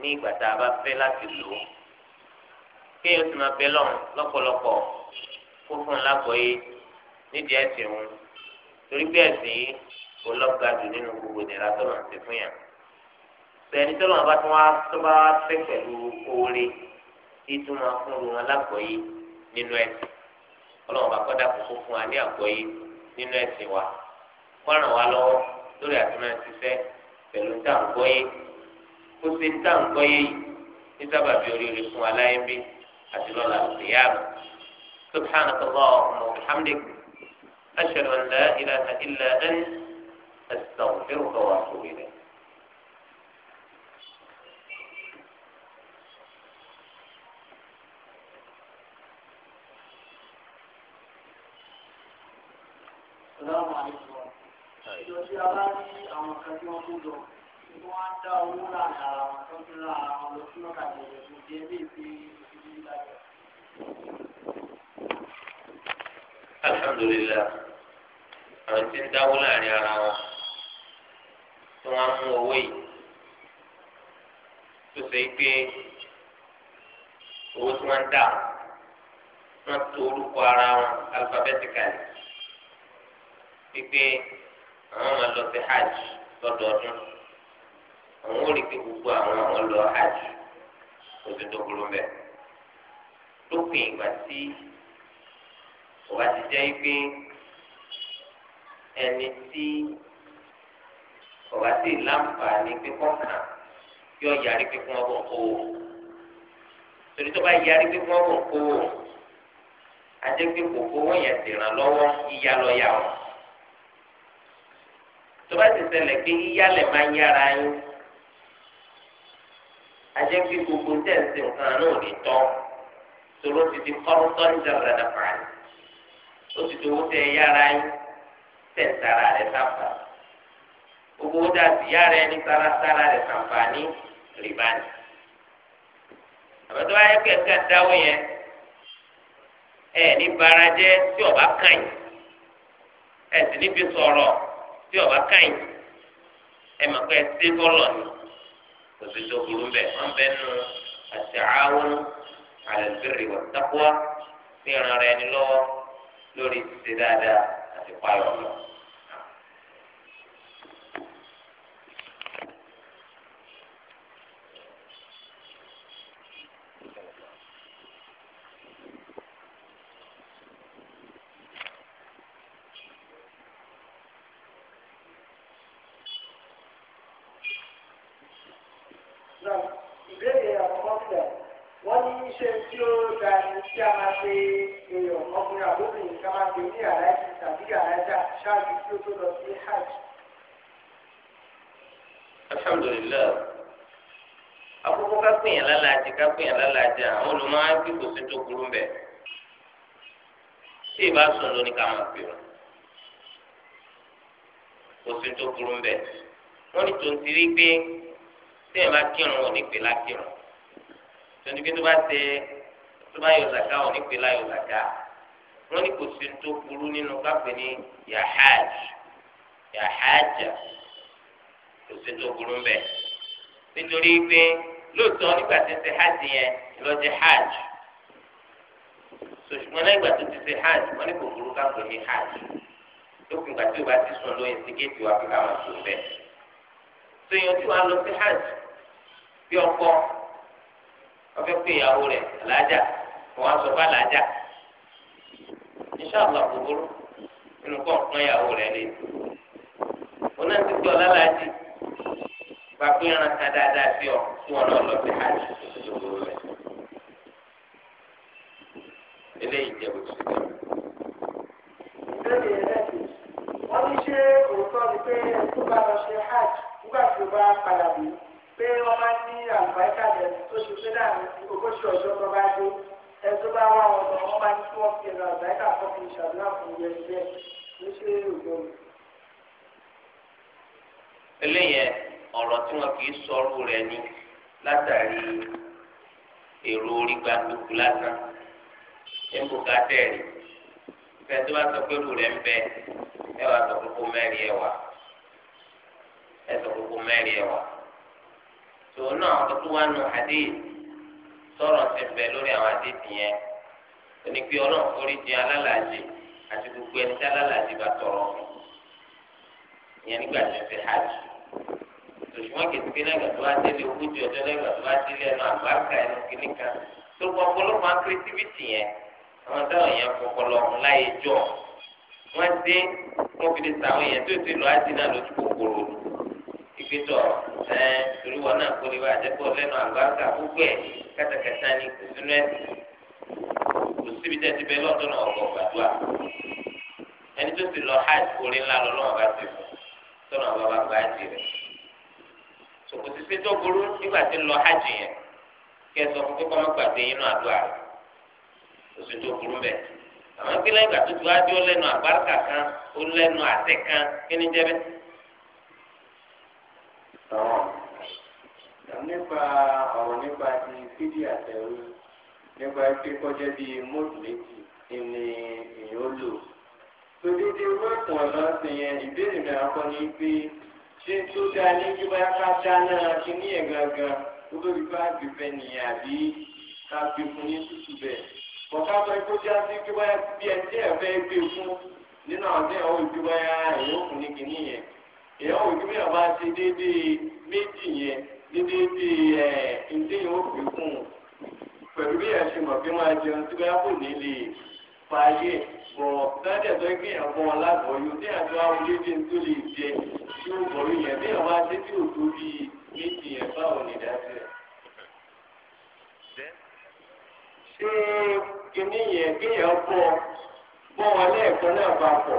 ní ìgbà tá a bá fẹ́ láti lò ó kéèyàn sì máa bẹ lọ́rùn lọ́pọ̀lọpọ̀ kó fún un lágbọ̀ọ́yé nídìí ẹ̀sìn òun torí pé ẹ̀sìn yìí kò lọ́gà jù nínú gbogbo ìnira tó máa ń ṣe fún yàn sẹ́ni tó máa bá tó wá tó bá fẹ́ pẹ̀lú oore ìtumọ̀ fún wọn lágbọ̀ọ́yé nínú ẹ̀sìn ọlọ́run bá kọ́dà kókó fún wa ní àgbọ̀ọ́yé nínú ẹ̀sìn wa kọ́ràn wa lọ́wọ́ lórí àtúnmọ̀ ṣiṣẹ́ pẹ̀lú táǹgbọ́yé kó ṣe táǹgbọ́yé yìí ní sábàbí oríire fún wa àti lọ́la òkè yára subhanahu wa ta'ala muhammed. أشهد أن لا إله إلا أنت أستغفرك وأتوب إليك الحمد لله àwọn tí ń dáwó láàrin ara wọn tí wọ́n á mú owó yìí tó ṣe pé owó tí wọ́n ń dà wọ́n tó orúkọ ara wọn alifabẹ́tìkàlì wípé àwọn máa lọ sí hajj lọ́dọọdún àwọn ò rí pé gbogbo àwọn àwọn lọ hajj kò sí tó burú lópin ìgbà tí ọba ti jẹ́ pé ẹni tí ọba tí láǹfààní pípọ́ kan yọ yàrí pípọ́ ọbọ̀ owó torí tó bá yàrí pípọ́ ọbọ̀ owó ajẹ́ pé kòkó owó yẹn ti ràn lọ́wọ́ yíyá lọ́yà o tó bá ti ṣẹlẹ̀ pé yíyá lẹ̀ máa ń yára yín ajẹ́ pé gbogbo tẹ̀sí nǹkan náà lè tọ́ torí ó ti di kọ́rọ́tọ́ ń jẹ̀rẹ̀ nàfààní ó ti di owó tẹ̀ yára yín tẹ̀ sára rẹ̀ sáfà gbogbo ó dàtí ìyá rẹ̀ ní sára sára rẹ̀ sàǹfààní rìbá ni àbẹ̀tọ́ ayé kẹ̀kẹ́ dáwọ́ yẹn ẹ̀ ní barajẹ́ tí ọba kàn yín ẹ̀ sì níbi sọ̀rọ̀ tí ọba kàn yín ẹ̀ mọ̀ pé ẹ̀ ni kò sì tó burú bẹ́ẹ̀ wọ́n bẹ́ẹ̀ nù àtẹ̀háwọn àlẹ́bẹ̀rẹ̀ wọ̀ dákúwá fi ràn rẹ̀ ní lọ́wọ́ lórí ti dáadáa àti pààyàn lọ́wọ́. ṣáájú kí ó tó lọ sí hajj. alhamdulilayi akókó ká pèèyàn lálàájì ká pèèyàn lálàájì àwọn olùmọ̀ á kí kò sí tó burú mbẹ tí ì bá sùn lónìí ká máa pè wọn kò sí tó burú mbẹ wọn ní tòun ti rí pé tí ì bá kírun ò ní pè lákírun tòun ti pé tó bá ṣe tó bá yọ zàká ò ní pè láyọ zàká wọn ní kò sí tó burú nínú káfí ní yahaj yahaja kò sí tó burú mbẹ nítorí pé lóòótọ́ nígbà tí ń ṣe hajj yẹn lọ jẹ hajj sòṣùgbọ́n náà ìgbà tó ti ṣe hajj wọn ní kò burú káfí ní hajj lókun ìgbà tí o bá ti sùn lóyún sí géètì wa fífa wọn sùn bẹ́ẹ̀ sèyàn tí wàá lọ sí hajj bí ọkọ ọfẹ pé ìyàwó rẹ̀ alájà wọn á sọ fún alájà inṣàlá kúburú nínú kọ́ ọ̀kan ìyàwó rẹ̀ lé oná ti fi ọ̀la láti gba pé ẹran ká dáadáa sí ọ tí wọn náà lọ sí hajj lóko rẹ eléyìí jẹ bó ti ṣe jẹ. wọ́n ní ṣé òótọ́ ni pé tó bá lọ ṣe hajj nígbà tí ó bá padà bí pé wọ́n máa ń ní àlùbáríkà rẹ̀ tó ṣe pé dáàbò ogójì ọjọ́ tó bá dé ẹtọ́ bá wà wọn lọ wọn bá ní kí wọ́n fi ẹ̀rọ àgbáyé kọ́ fi ṣàdúrà fún yẹn bẹ́ẹ̀ ní ṣe òjò mi. eléyẹn ọ̀rọ̀ tí wọn kì í sọ̀rọ̀ rẹ̀ ni látàrí èrò orí gbàdúgbò lásán ẹ̀kú kátẹ́ẹ̀rì fẹ́ẹ́ tó bá sọ pé èrò rẹ̀ ń bẹ ẹ wàá sọ kókó mẹ́rin ẹ wà ẹ sọ kókó mẹ́rin ẹ wà. tòun náà ọdún wà nù hadith tọrọ ti bẹ lórí àwọn àdéhùn yẹn onígbé ọlọ́run forí di alálàájì àti gbogbo ẹni tí alálàájì bá tọrọ fún ìyẹn nígbà tí ó ti hajj tòṣùwọ́n kìtìkì náà gbàtú wá délé ogójì ọjọ́ náà gbàtú wá délé ẹnu àgbáǹkà ẹnu kìíní kan tó kọ́ ọ̀pọ̀lọpọ̀ akérésìbìtì yẹn àwọn táwọn yẹn kọ́kọ́ lọ ọ̀hún láyé jọ wọ́n dé wọ́n fi lè sàwọn yẹn tó ti lọ ájì náà lójú kòkòrò ìgbésọ̀ ẹ̀ torí wọn náà kó lè wá àjẹpọ̀ lẹ́nu àgbáǹkà gbogbo ẹ̀ kẹtẹkẹtẹ ni kò sínú ẹsẹ kò síbi tẹsí bẹ lọ́dọ̀ náà ọgbọ gbàdúrà ẹni tó ti lọ hajj orin ńlá lọ lọ́wọ́ bá ti fún tọnà bàbá gba ẹjì rẹ sòkò sísè tó burú nígbà tí ń lọ hajj yẹn kí ẹ sọ fún pípa má gbàgbé àdúrà rẹ kò sí tó burú bẹ àmọ́ kí lẹ́yìn ìgbà tó lẹ́nu àgbàrúkà kan ó lẹ́nu àtẹ kan kí ni jẹ́ bẹ́ẹ̀. nípa ọ̀rọ̀ nípa ti fídíò àtẹ̀wé nípa pé kọjá bíi mọ́tò méjì ni èèyàn ó lò. Tòdídé owó ẹ̀sùn ọ̀nà ọ̀sìn yẹn ìbéèrè mi àkọ́ ni pé ṣé tó dá ní kí báyà ká dáná kí ní ẹ̀ gangan ó lórí bá gbẹ̀fẹ́ nìyẹn àbí ká gbé fún ní tútù bẹ́ẹ̀. Kọ̀ọ̀ká sọ pé kó já sí kí báyà bí ẹ tí ẹ fẹ́ gbé fún nínú àwọn tí ìyàwó ìgbé báyà èèyàn ò ní kìíní yẹn. Èèyàn dídí bí ẹ ndí yóò fi kún pẹ̀lú bí ẹ ṣe mọ̀ bí máa jẹun tí wọ́n kò ní lè fààyè bọ̀ dájẹ́ tó kí ẹ̀ bọ̀ lágbọ̀ọ́yò tí ẹ̀ tó àwọn onídìí tó lè jẹ tí ó bọ̀ yẹn bí ẹ̀ wá dé tí ò tó bí méjì yẹn báwo ni dájú ẹ̀. ṣé kìnìyẹn kéèyàn bọ̀ mọ́ wọn lẹ́ẹ̀kan náà bá pọ̀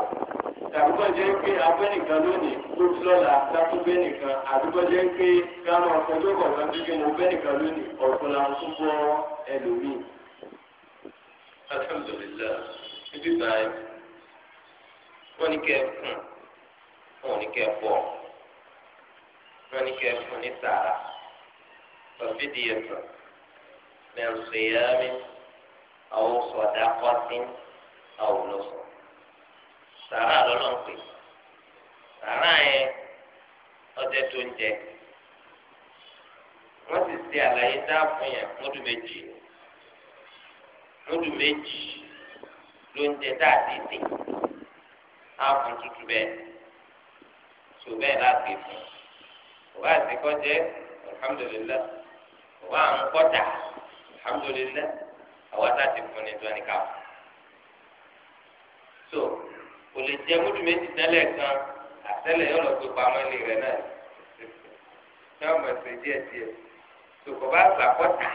tàbí kọ́ jẹ́ pé abẹ́nìkan lónìí ó ti lọ́la dákú bẹ́nìkan àdúgbò jẹ́ pé káwọn ọ̀sọ́jọ́ kọ̀ọ̀kan gbígbé mo bẹ́nìkan lónìí ọ̀sán la ń tún bọ́ ẹlòmíì. alhamdulillah ibi báyìí wọ́n ní kẹ́ kùn wọ́n ní kẹ́ pọ̀ wọ́n ní kẹ́ fún ní sàrà tọ́fídìí ẹ̀sán mẹ́rin sèyámi àwọn sọ̀dá kọ́sìn àwọn ló sọ sàrà lọ́lọ́ ń pè sàrà yẹn ọjọ́ tó ń jẹ wọ́n sì ṣe àlàyé dáàbò yẹn mọ́dù méjì mọ́dù méjì ló ń jẹ dáàbò ìdè ààbò tútù bẹ́ẹ̀ tó bẹ́ẹ̀ láti fún un òbá àti kọjẹ́ alhamdulilah òbá àwọn kọta alhamdulilah àwọn àti fún ni tó ẹni ká fún kò lè jẹ múdù méjì tẹ́lẹ̀ kan àtẹ́lẹ̀ yóò lọ gbé pamọ́ ilé rẹ̀ náà yóò mọ̀ sí díẹ̀ díẹ̀ tòkò bá sàkọ́tà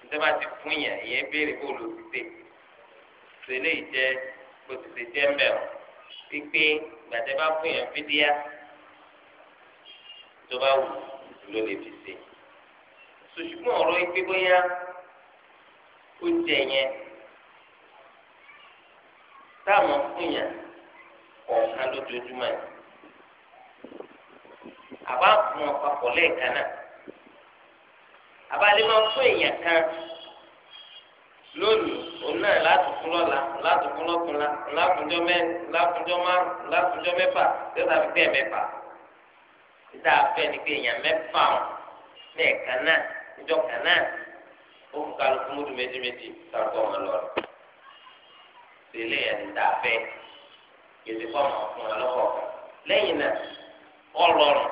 níta bá ti fún yàn ìyẹn béèrè bó lò sí tè tẹ́lẹ̀ ìjẹ́ bó ti ṣe jẹ́ mbẹ́ o pípé gbàtẹ́ bá fún yàn fídíà tó bá wù ló lè fi ṣe sùsùgbọ́n ọ̀rọ̀ ìgbé bóyá ó jẹ yẹn táwọn fún yàn kọ̀ọ̀kan lójoojúmọ́ yìí àbá fún ọ papọ̀ lẹ́ẹ̀kan náà àbá lè máa fún èèyàn kan lónìí òun náà láti fún lọ́la láti fún lọ́túnla láfúnjọ́ mẹ́rin láfúnjọ́ márùn láfúnjọ́ mẹ́fà tẹ́tà fi bẹ́ẹ̀ mẹ́fà títà fẹ́ ni pé èèyàn mẹ́fà ọ̀ lẹ́ẹ̀kan náà níjọ́ kan náà ó fún kálukú mútu méjì méjì kálukú ọmọ lọ́rọ̀ tẹ́lẹ̀ yẹn ti tà fẹ́ẹ́ èsì kọ́ ọmọ fún wọn lọ́kọ̀ kan lẹ́yìn náà ọlọ́run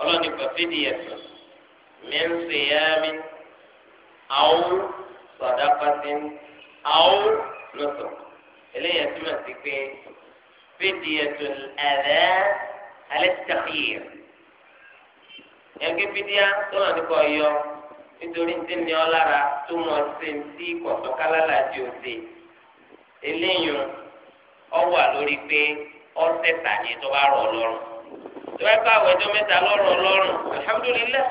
ọlọ́ni pàfẹ́dì ẹ̀sìn mi ń ṣe yá mi àwọn sọ̀dápàtì àwọn lọ́sọ̀ eléyìí ẹ̀sìn máa ti pé fẹ́dì ẹ̀sìn ẹ̀rẹ́ alẹ́ ti tàkìyè ẹ̀ńkẹ́ tó náà nípa ọ̀yọ́ nítorí ní ní ọ lára tó mọ̀ ṣe ń tí kọ̀tọ́kálá làjò ṣe eléyìí ọwà lórí pé ọ̀sẹ̀ tàyè tó bá rọ̀ lọ́rùn tó bá bá àwọn ẹjọ́ mẹ́ta lọ́rọ̀ lọ́rùn alihamudulilayi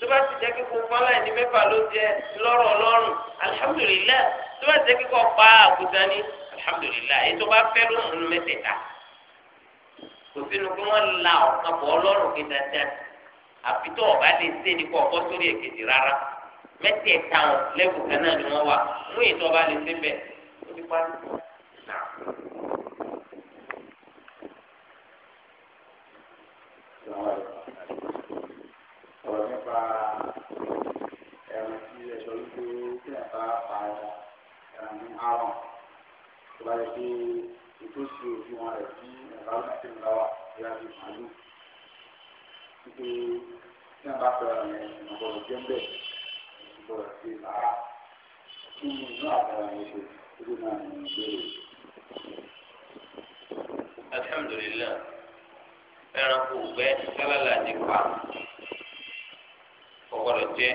tó bá ti jẹ́ kí gbogbo aláìní mẹ́fà ló jẹ́ lọ́rọ̀ lọ́rùn alihamudulilayi tó bá ti jẹ́ kí kò pa àgùdá ní alihamudulilayi èyí tó bá fẹ́ ló ń nu mẹ́tẹ̀ẹ̀ta kò sínú kí wọ́n la ọ̀kan bọ̀ ọlọ́rùn kí dandan àfi ọ̀bá lè ṣe ní kó ọkọ sórí èkejì rárá mẹ́tẹ̀ẹ̀ta lẹ́kùn kan náà ni wọ́n wà mú ètò lè ṣe bẹ́ẹ̀ ó ti parí. ní àrùn tó bá yẹ pé ìtòsí òdiwọ̀n rẹ̀ bí ẹ̀rọ ìlàwà ìyá bí màálù wípé tí wọn bá fẹ́ra yẹn ìgbọ̀rọ̀ jẹ́ bẹ́ẹ̀ ìgbọ̀rọ̀ ti là á kí ni inú àbára yẹn ṣe kí ló máa ń béèrè. alhamdulilayi ẹranko gbẹ kálálà ní pa kò gbọ́dọ̀ jẹ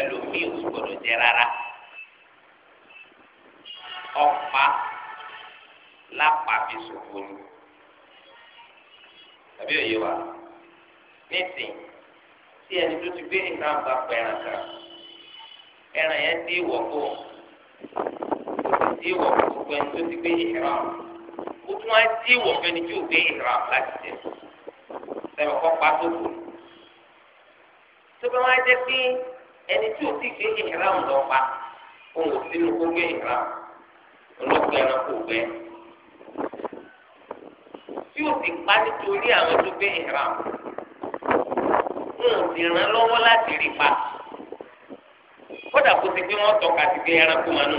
ẹlòmíì ò gbọ́dọ̀ jẹ rárá. ọ̀pá lápàbí sòfòlù tàbí òye wa nísìn tí ẹni tó ti gbé nǹkan àgbà bụ kan ẹran yẹn dé ìwọ̀kọ̀ dé ìwọ̀kọ̀ gbogbo ẹni tó ti gbé ìhìrán ó tún á dé ìwọ̀kọ̀ ẹni tí ò gbé láti jẹ sẹ́mi kọ́ pa wá jẹ́ pé ẹni tí ti gbé òun olóògbé ẹranko gbẹ tí o sì pa nítorí àwọn tó gbé ìhram wọn ò sì ràn lọ́wọ́ láti rí pa kódà kó ti pé wọ́n tọ́ka ti gbé ẹranko mọ́nú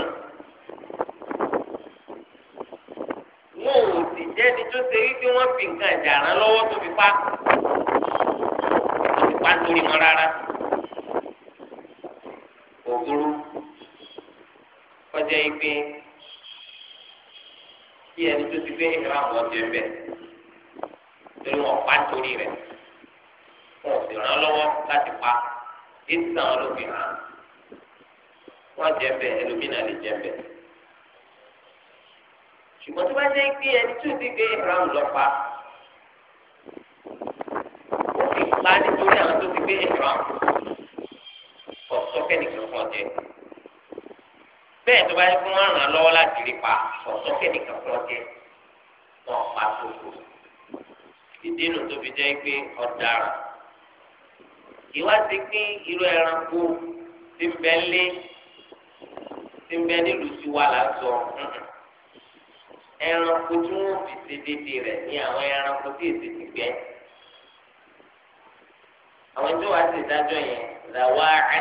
wọn ò sì jẹ́ni tó ṣe wípé wọ́n fi nǹkan ìjà ràn lọ́wọ́ tó fi pa tó fi pa nítorí wọn rárá òwúrú kọjá yìí kí ẹni tó ti gbé ìhìrán àwọn ọjọ́ ẹ̀bẹ̀ torí wọn pa torí rẹ̀ wọn ò sì ràn án lọ́wọ́ láti pa ètò àwọn olófin hàn wọn jẹ bẹ ẹlòmínà lè jẹ bẹ ṣùgbọ́n tó bá jẹ́ pé ẹni tó ti gbé ìhìrán lọ pa ó sì pa nítorí àwọn tó ti gbé ìhìrán ọ̀sọ́kẹ́ nìkan kan jẹ bẹ́ẹ̀ tó bá yẹ kó wọ́n ràn án lọ́wọ́ láti rí pa ọ̀tọ́ kẹ́nìkan fún ọjẹ́ wọn pa gbogbo ìdí inú tó fi jẹ́ pé ọ̀daràn ìwádìí pín irú ẹranko tí ń bẹ lé tí ń bẹ nílùú tí wà lásọ ẹranko tí wọn fi ṣe dédé rẹ ní àwọn ẹranko tí èsì ti gbẹ àwọn tí wọn á ṣèdájọ́ yẹn làwọn á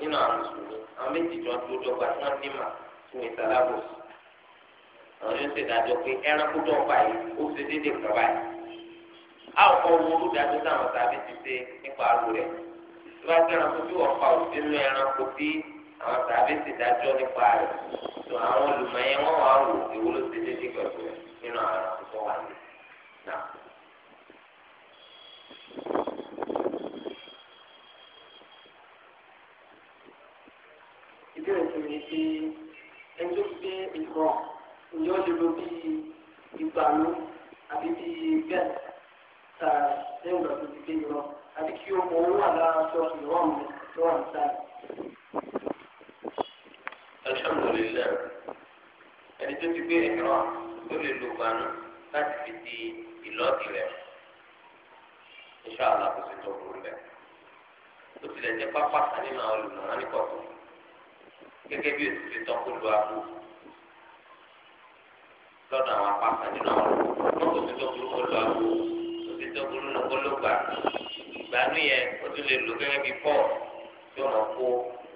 nínú àwọn mùsùlùmí àwọn méjì jọ ń dúró dọ́gba tí wọ́n ní mà fún ìsàlábòsì àwọn yóò ṣe dájọ́ pé ẹranko dọ́gba yìí ó ṣe déédéé kan báyìí a ò kọ́ wo olùdájọ́ táwọn tàbí ti ṣe nípa aró rẹ̀ tí wọ́n ti ẹranko tí wọ́n pa òsínú ẹranko tí àwọn tàbí ti dájọ́ nípa rẹ̀ tó àwọn olùmọ̀ yẹn wọ́n wá wò ìwúlò ṣe déédéé pẹ̀lú rẹ̀ nínú àwọn àkókò wà ní ìbéèrè tó ní pé ẹni tó gbé ìkọ́ ìyọ́ lè lo bí ìgbàlú àbí bí bẹ́ẹ̀ ta lẹ́yìn ìgbà tó ti gbé ìrọ̀ àbí kí o mọ owó wà lára sọ ìrọ̀ mi tó wà níta. alhamdulilayi ẹni tó ti gbé ìrọ̀ tó lè lo ìgbàlú láti fi di ìlọ́ọ̀dì rẹ̀ inṣàlá kò tó burú bẹ́ẹ̀ ó tilẹ̀ jẹ́ pápá kan nínú àwọn gẹ́gẹ́ bí òsì ti tán kó lu abú lọ́dọ̀ àwọn apáta nínú àwọn olùkọ́ wọn kò sí tó burú kó lu abú kò sí tó burú kó ló gbà ìgbàanú yẹn ó tún lè lò gẹ́gẹ́ bí pọ́ọ̀ tí wọ́n kó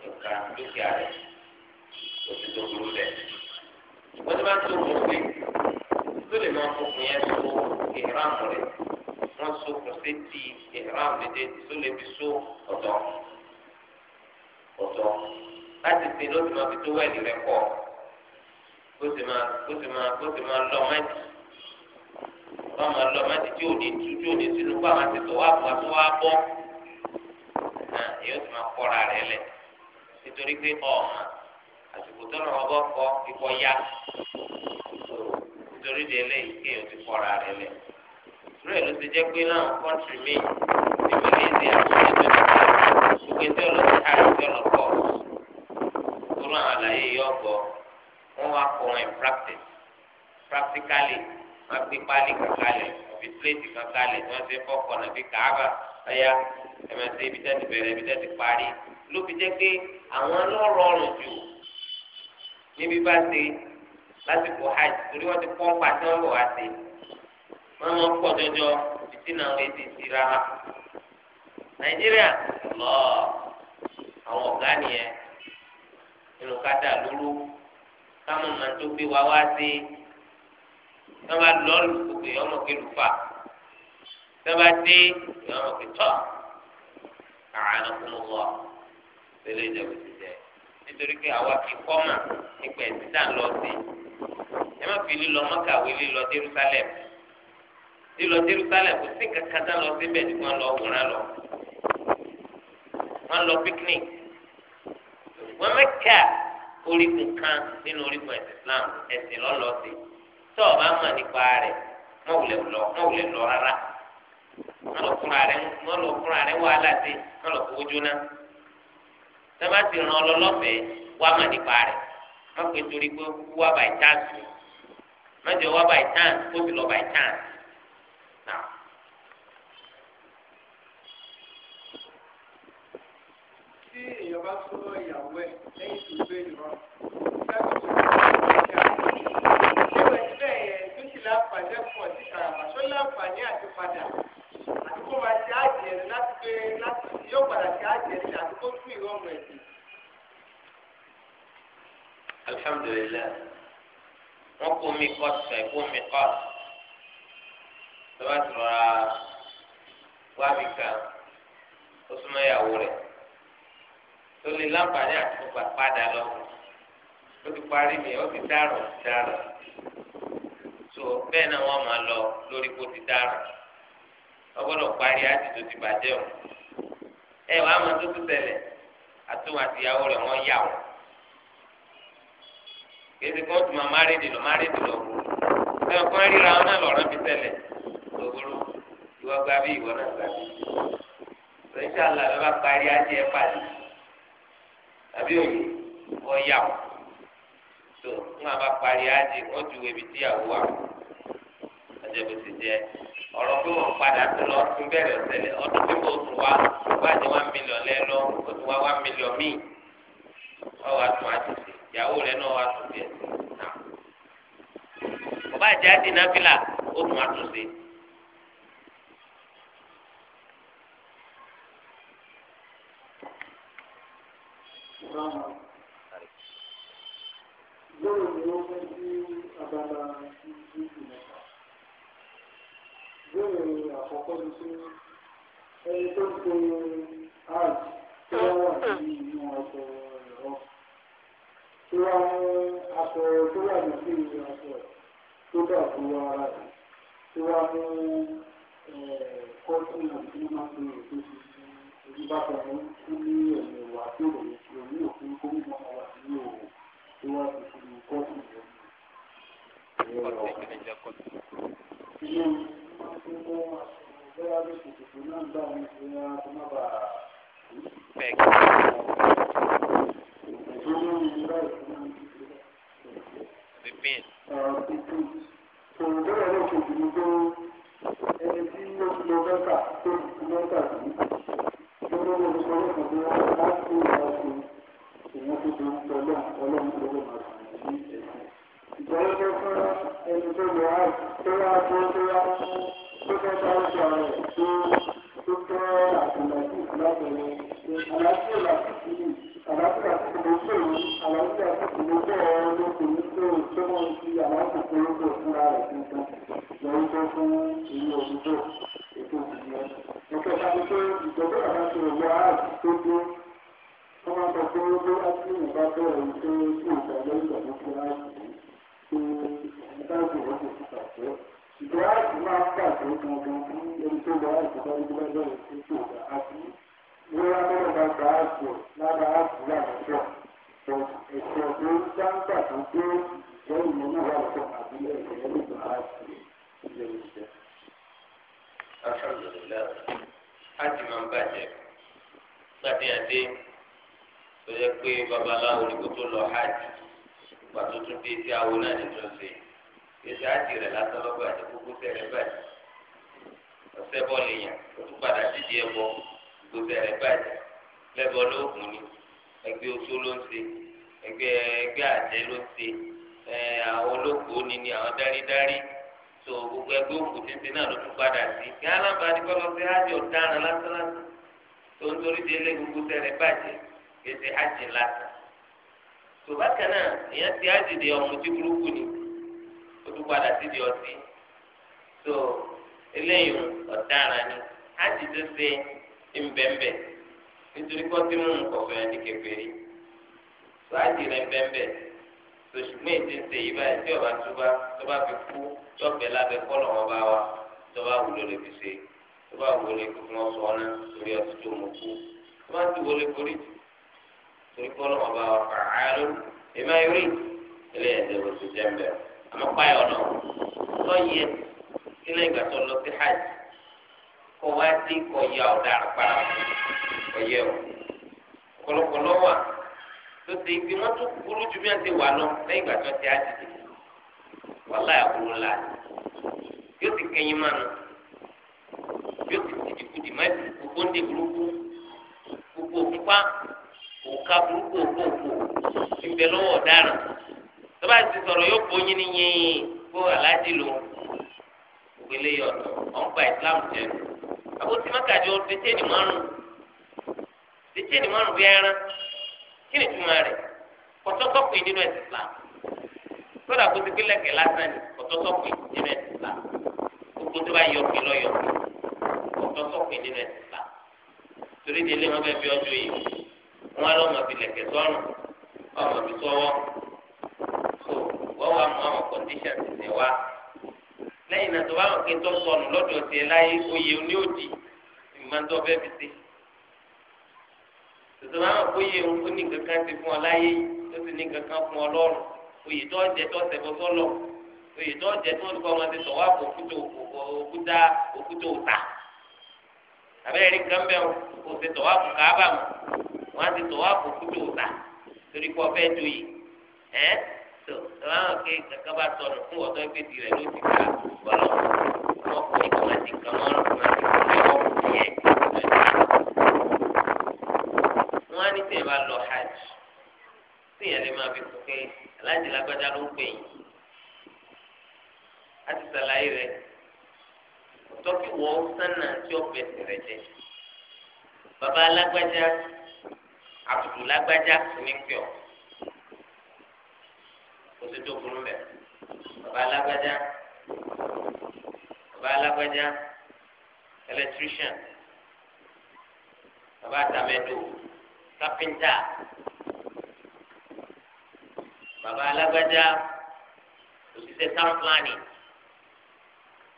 nǹkan dúkìá rẹ̀ kò sí tó burú rẹ̀ wọ́n ti máa tó burú pé tó lè máa fòkun yẹn so ìhìrámù rẹ̀ wọ́n so kò sí ti ìhìrámù dédé tó lè fi so ọ̀tọ̀ ọ̀tọ̀ láti ṣe ló ti máa fi tó wẹ́ẹ̀lì rẹ̀ pọ̀ kó sì máa kó sì máa kó sì máa lọ mẹ́tì wọ́n máa lọ mẹ́tì tí ò ní tú tí ò ní sínú kó àwọn ti tọ̀ wá bọ̀ tó wá bọ́ náà èyí ó sì máa kọ́ra rẹ̀ lẹ̀ nítorí pé ọ̀ọ́mà àsìkò tó lọ́wọ́ bọ́ kọ́ ikọ̀ ya nítorí di eléyìí kéèyàn ti kọ́ra rẹ̀ lẹ̀ rẹ̀ ló ti jẹ́ pé náà kọ́ńtì mi ní àti ìjọba gbogbo ẹjọ́ lọ irú àwọn àlàyé yìí ọgbọ wọn wá kọ wọn practice practically wọn gbé pálí kankalẹ àbí pléètì kankalẹ tí wọn ti fọkọ nàbí kàába ẹyà ẹmẹsẹ ibi tẹ́tí bẹ̀rẹ̀ ibi tẹ́tí parí ló fi jẹ́ pé àwọn lọ́rọ̀ọ̀rùn jù níbi bá ṣe lásìkò hajj torí wọn ti pọ́ńpà tí wọn bọ̀ wá sí wọn lọ pọ̀ jọjọ fìtínà wọn èdè sí rárá nàìjíríà lọ àwọn ọ̀gá nìyẹn nínú kádà lóró káwọn máa tó gbé wá wá sí wọn bá lọ lùkùkù yẹn ọmọ kí lùfà wọn bá dé yẹn ọmọ kí tọ àánú kún wọ tẹ́lẹ̀ ìjọba ti jẹ nítorí pé àwa kì í kọ́mà nípa ẹ̀sìn tá à ń lọ sí ẹ má fi lílọ mọ́kàwé lílọ Jerusalem lílọ Jerusalem kò sí kankan tá lọ síbẹ̀ tí wọ́n lọ wòran lọ wọ́n lọ picnic ṣùgbọ́n mẹ́kà orígun kan nínú orígun ẹ̀sìn Islam ẹ̀sìn lọ́lọ́sẹ̀ tó o bá mọ̀ nípa rẹ̀ mọ̀ wùlẹ̀ lọ mọ̀ wùlẹ̀ lọ rárá mọ̀ lọ fúnra rẹ̀ wàhálà sí mọ̀ lọ fowó jóná tẹ́lá ti ràn ọ́ lọ́lọ́fẹ̀ẹ́ wá mọ̀ nípa rẹ̀ má pé torí pé wá by chance má jẹ́ wá by chance kó sì lọ by chance. tí èèyàn bá wẹ̀ lẹ́yìn tó gbé ìrọ̀ ìgbàgbọ́ tó ti ṣe ìwé ìbẹ̀ yẹn tó ti láǹfààní pọ̀ sí karama tó láǹfààní àti padà àti kó máa ṣe àjẹrì láti gbé láti yóò padà ṣe àjẹrì àti tún ìrọ̀ mọ̀ ẹ̀sìn. alhamdulilayi wọn kó mi kọ sọ ẹ kó mi kọ tọ́ba tó rọra wá mi kàn ó súnmọ́ ìyàwó rẹ̀ tó lè láǹfààní àti ọgbà padà lọ ó ti parí mi ó ti dárò ó ti dárò tó bẹ́ẹ̀ náà wọ́n máa lọ lórí kó ti dárò wọ́n gbọ́dọ̀ parí àti tó ti bàjẹ́ o ẹ wàá mọ tó tún tẹ̀lẹ̀ àtúwọ̀n àtìyàwó rẹ̀ wọ́n yà wọ́n kèsì kan tún ma márèdè lọ márèdè lọ wò ẹ kọ́ ríra wọn náà lọ́rọ́ fi tẹ́lẹ̀ lọ́wọ́rọ́ ìwọ bí ìwọ náà gba bí. sọ iṣẹ́ àlọ́ bá parí ajé ẹ pàdé àbí òye wọ́n yà wọ́n tó ń àbá parí ájì wọ́n ju ebi tí àwọn wà ọjọ́bù ti jẹ́ ọ̀rọ̀ pé wọ́n padà tó lọ tún bẹ̀rẹ̀ ọ̀sẹ̀lẹ̀ ọdún tí mo tún wá wájú one million lẹ́lọ́ o tún wá one million míì wọ́n wá tún ájì sí ìyàwó rẹ̀ náà wá tún bẹ̀rẹ̀ náà. bàbá àjẹ́ àdínà fìlà ó tún àtúnṣe. lóòrò ni ó fẹ́ sí abala ìdíjú mẹ́ta lóòrò àkọ́kọ́ ni pé ẹni tó ń pe hajj tó wà ní inú ọkọ̀ ẹ̀rọ tó wà ní aṣọ tó wà ní sí ìlú aṣọ tó dà tó wà ara rẹ̀ tó wà ní kọ́tùnà tó máa ń pè é tó ti ojú bá fẹ́ mú kú ní ẹ̀mí ìwà tí òun ní fi orí òfin kó mú ọmọ wa sí òun tí wọ́n ti fi ní kọ́ọ̀tù yẹn. Ilé ìwọ̀n tó mọ́ bẹ́ẹ̀ bí kòkòrò náà ń gbà ní ìpínlẹ̀ Adúmábà. Bẹ́ẹ̀ni. Ìjọba ìjọba ìpínlẹ̀. Pípín. Òǹdọ́rọ̀ ló kò dùn tó ẹni tí ó ti lọ bẹ́ẹ̀ kà tó ti lórí ìṣòro ìdí láti ìrọsí ìyẹn tó di pẹ̀lú ọlọ́run tó lè máa sàn sí ẹ̀sìn. ìjọba tó fún ẹni tó lè wá tó wá tó tó wá tó fẹ́ bá ń sọ rẹ̀ tó tó tẹ́ àtìlẹ́sì lábẹ́rẹ́ àlàáfíà làkìtì àlàáfíà tó lè ṣòro àlàáfíà tó lè bẹ̀ ọ́ lókùnrin tó tó wọ́n ti àlàáfíà tó lè bẹ̀ fúnra rẹ̀ tuntun lọ́wọ́ tó fún ìlú òdúgbò ọ̀gá ni pé ìjọba àwọn ti wọ ààbò tó dé wọ́n máa sọ pé ó bí ásílù bá bẹ̀rẹ̀ pé kí ìgbà lẹ́yìn ìgbà tó fún ààbò pé ìgbà tó wọ́n kò fi pàṣẹ. ìjọ ààbò máa ń pàṣẹ gangan fún ẹni tó lọ ààbò bá ní bá bẹ̀rẹ̀ pé kí ìgbà ààbò wíwá bẹ́ẹ̀ bá gba ààbò lára ààbò làwọn sọ ẹ̀sẹ̀ tó ń sáńgbà tó dé lẹ́yìn الحمد لله ájì máa ń bàjẹ́ gbàdéyàdé tó yẹ pé babaláwo ni kó tó lọ hajj ìgbà tó tún dé tí awo náà ní tó ṣe èsì ájì rẹ̀ lásán lọ bàjẹ́ gbogbo tẹ̀lé bàjẹ́ ọ̀sẹ̀ bọ́ọ̀lù yẹn ó tún padà dídí ẹbọ gbogbo tẹ̀lé bàjẹ́ lẹ́bọ lóògùn ni ẹgbẹ́ oṣó ló ń ṣe ẹgbẹ́ ẹgbẹ́ àjẹ́ ló ń ṣe ẹ àwọn olóògùn ni ni àwọn dárídárí. tó gbogbo ẹgbẹ́ òkú títí náà ló tún padà sí kí alábàáni kọ́ lọ sí hajj ọ̀daràn lásán tó ń torí délé gbogbo sẹ́rẹ̀ bàjẹ́ kéde hajj lásán tó bákan náà èèyàn ti hajj di ọmọ burúkú ni ó tún padà sí di ọtí tó eléyìí ọ̀daràn ni hajj tó ṣe nítorí kọ́ tí mò ń ní kékeré tó hajj rẹ̀ sòṣùgbọ́n ètè ń ṣe yìí báyìí tí ọba tó bá tó bá fi kú tọ́pẹ́ lábẹ́ kọ́lọ̀ wọn bá wa tó bá wúlò lè fi ṣe tó bá wúlò lè fún wọn sọ ọ́nà torí ọtí tó mú kú tó bá ti wọlé forí torí kọ́lọ̀ wọn bá wa fà á èmi ayé rí ilé ẹ̀dẹ̀ wò ti jẹ́ àmọ́ páyọ̀ náà tó yẹ ilé ìgbà tó lọ sí hajj kó wá sí kó yá ọ̀daràn para kó yẹ ọ̀pọ̀lọpọ̀ lọ́wọ́ tó ti fi wọn tún burú ju bí wọn ti wà lọ lẹ́yìn ìgbà tí wọn ti á dìde wàhálà àbúrò la yóò ti kẹyìn mánu yóò ti dìdìkudì má ti gbogbo ń de burúkú gbogbo òkúpa òka burúkú òkòòkò ìbẹ lọ́wọ́ ọ̀daràn tọba ti sọ̀rọ̀ yóò bóyin ní yín kó aláàjì lò ògbélé yọtọ ọ̀npa islam jẹ àbótí mọ́kàdé ọdún tẹ́tẹ́ ni márùn-ún tẹ́tẹ́ ni márùn-ún bí ẹran kí ni túmọ̀ rẹ̀ kọ̀tọ́tọ́pì nínú ẹ̀sìn Islam sọ́dà kó ti pé lẹ́kẹ̀ lásán ni kọ̀tọ́tọ́pì nínú ẹ̀sìn Islam gbogbo tó bá yọpin lọ yọpin kọ̀tọ́tọ́pì nínú ẹ̀sìn Islam torí délé wọn bẹ́ẹ̀ fi ọjọ́ yìí wọn á lọ́mọ fi lẹ̀kẹ̀ sọ́run ọmọ fi sọ́wọ́ so wọ́n wá mú àwọn condition ti sẹ́ wá náà tó bá wọn kí sọnù lọ́dọ̀ tiẹ̀ láyé oyè oní òdì bẹ́ẹ̀ fi ṣe tòmá mọ̀ pé yẹ ó ní kankan ti fún ọ láyé ó sì ní kankan fún ọ lọ́rùn oyè tó jẹ tó ṣẹbọ sọlọ oyè tó jẹ tó olùkọ́ ọmọdé tó wà kó òkúta òkúta òta abẹ́rẹ́ rí bẹ́ẹ̀ o ti tọ̀ wá kó káábà mọ̀ wọ́n á ti tọ̀ wá kó òkúta òta torí kó ọbẹ̀ tó yìí ẹ́ tó tòmá mọ̀ pé kankan bá tọ̀nù fún ọ̀tọ́ ẹgbẹ́ tirẹ̀ ló ti ká bọ́lọ̀ ọkùnrin kò má ti kàn mọ́ ọ̀rùn wọn á ní tẹ̀yìn bá lọ hajj tẹ̀yìn lè máa fi kú pé aláàjì lágbájá ló ń pè yín á ti sàlàyé rẹ tọ́kì wọ́ sánà tí ọ̀bẹ tẹ̀rẹ̀ jẹ bàbá alágbájá àbùdù lágbájá ní pẹ́ ọ́ kò sí tó burú mẹ́ bàbá alágbájá bàbá alágbájá electrician Baba àtàmẹ́dò kápẹ́ńtà bàbá alágbájá òṣìṣẹ́ town planning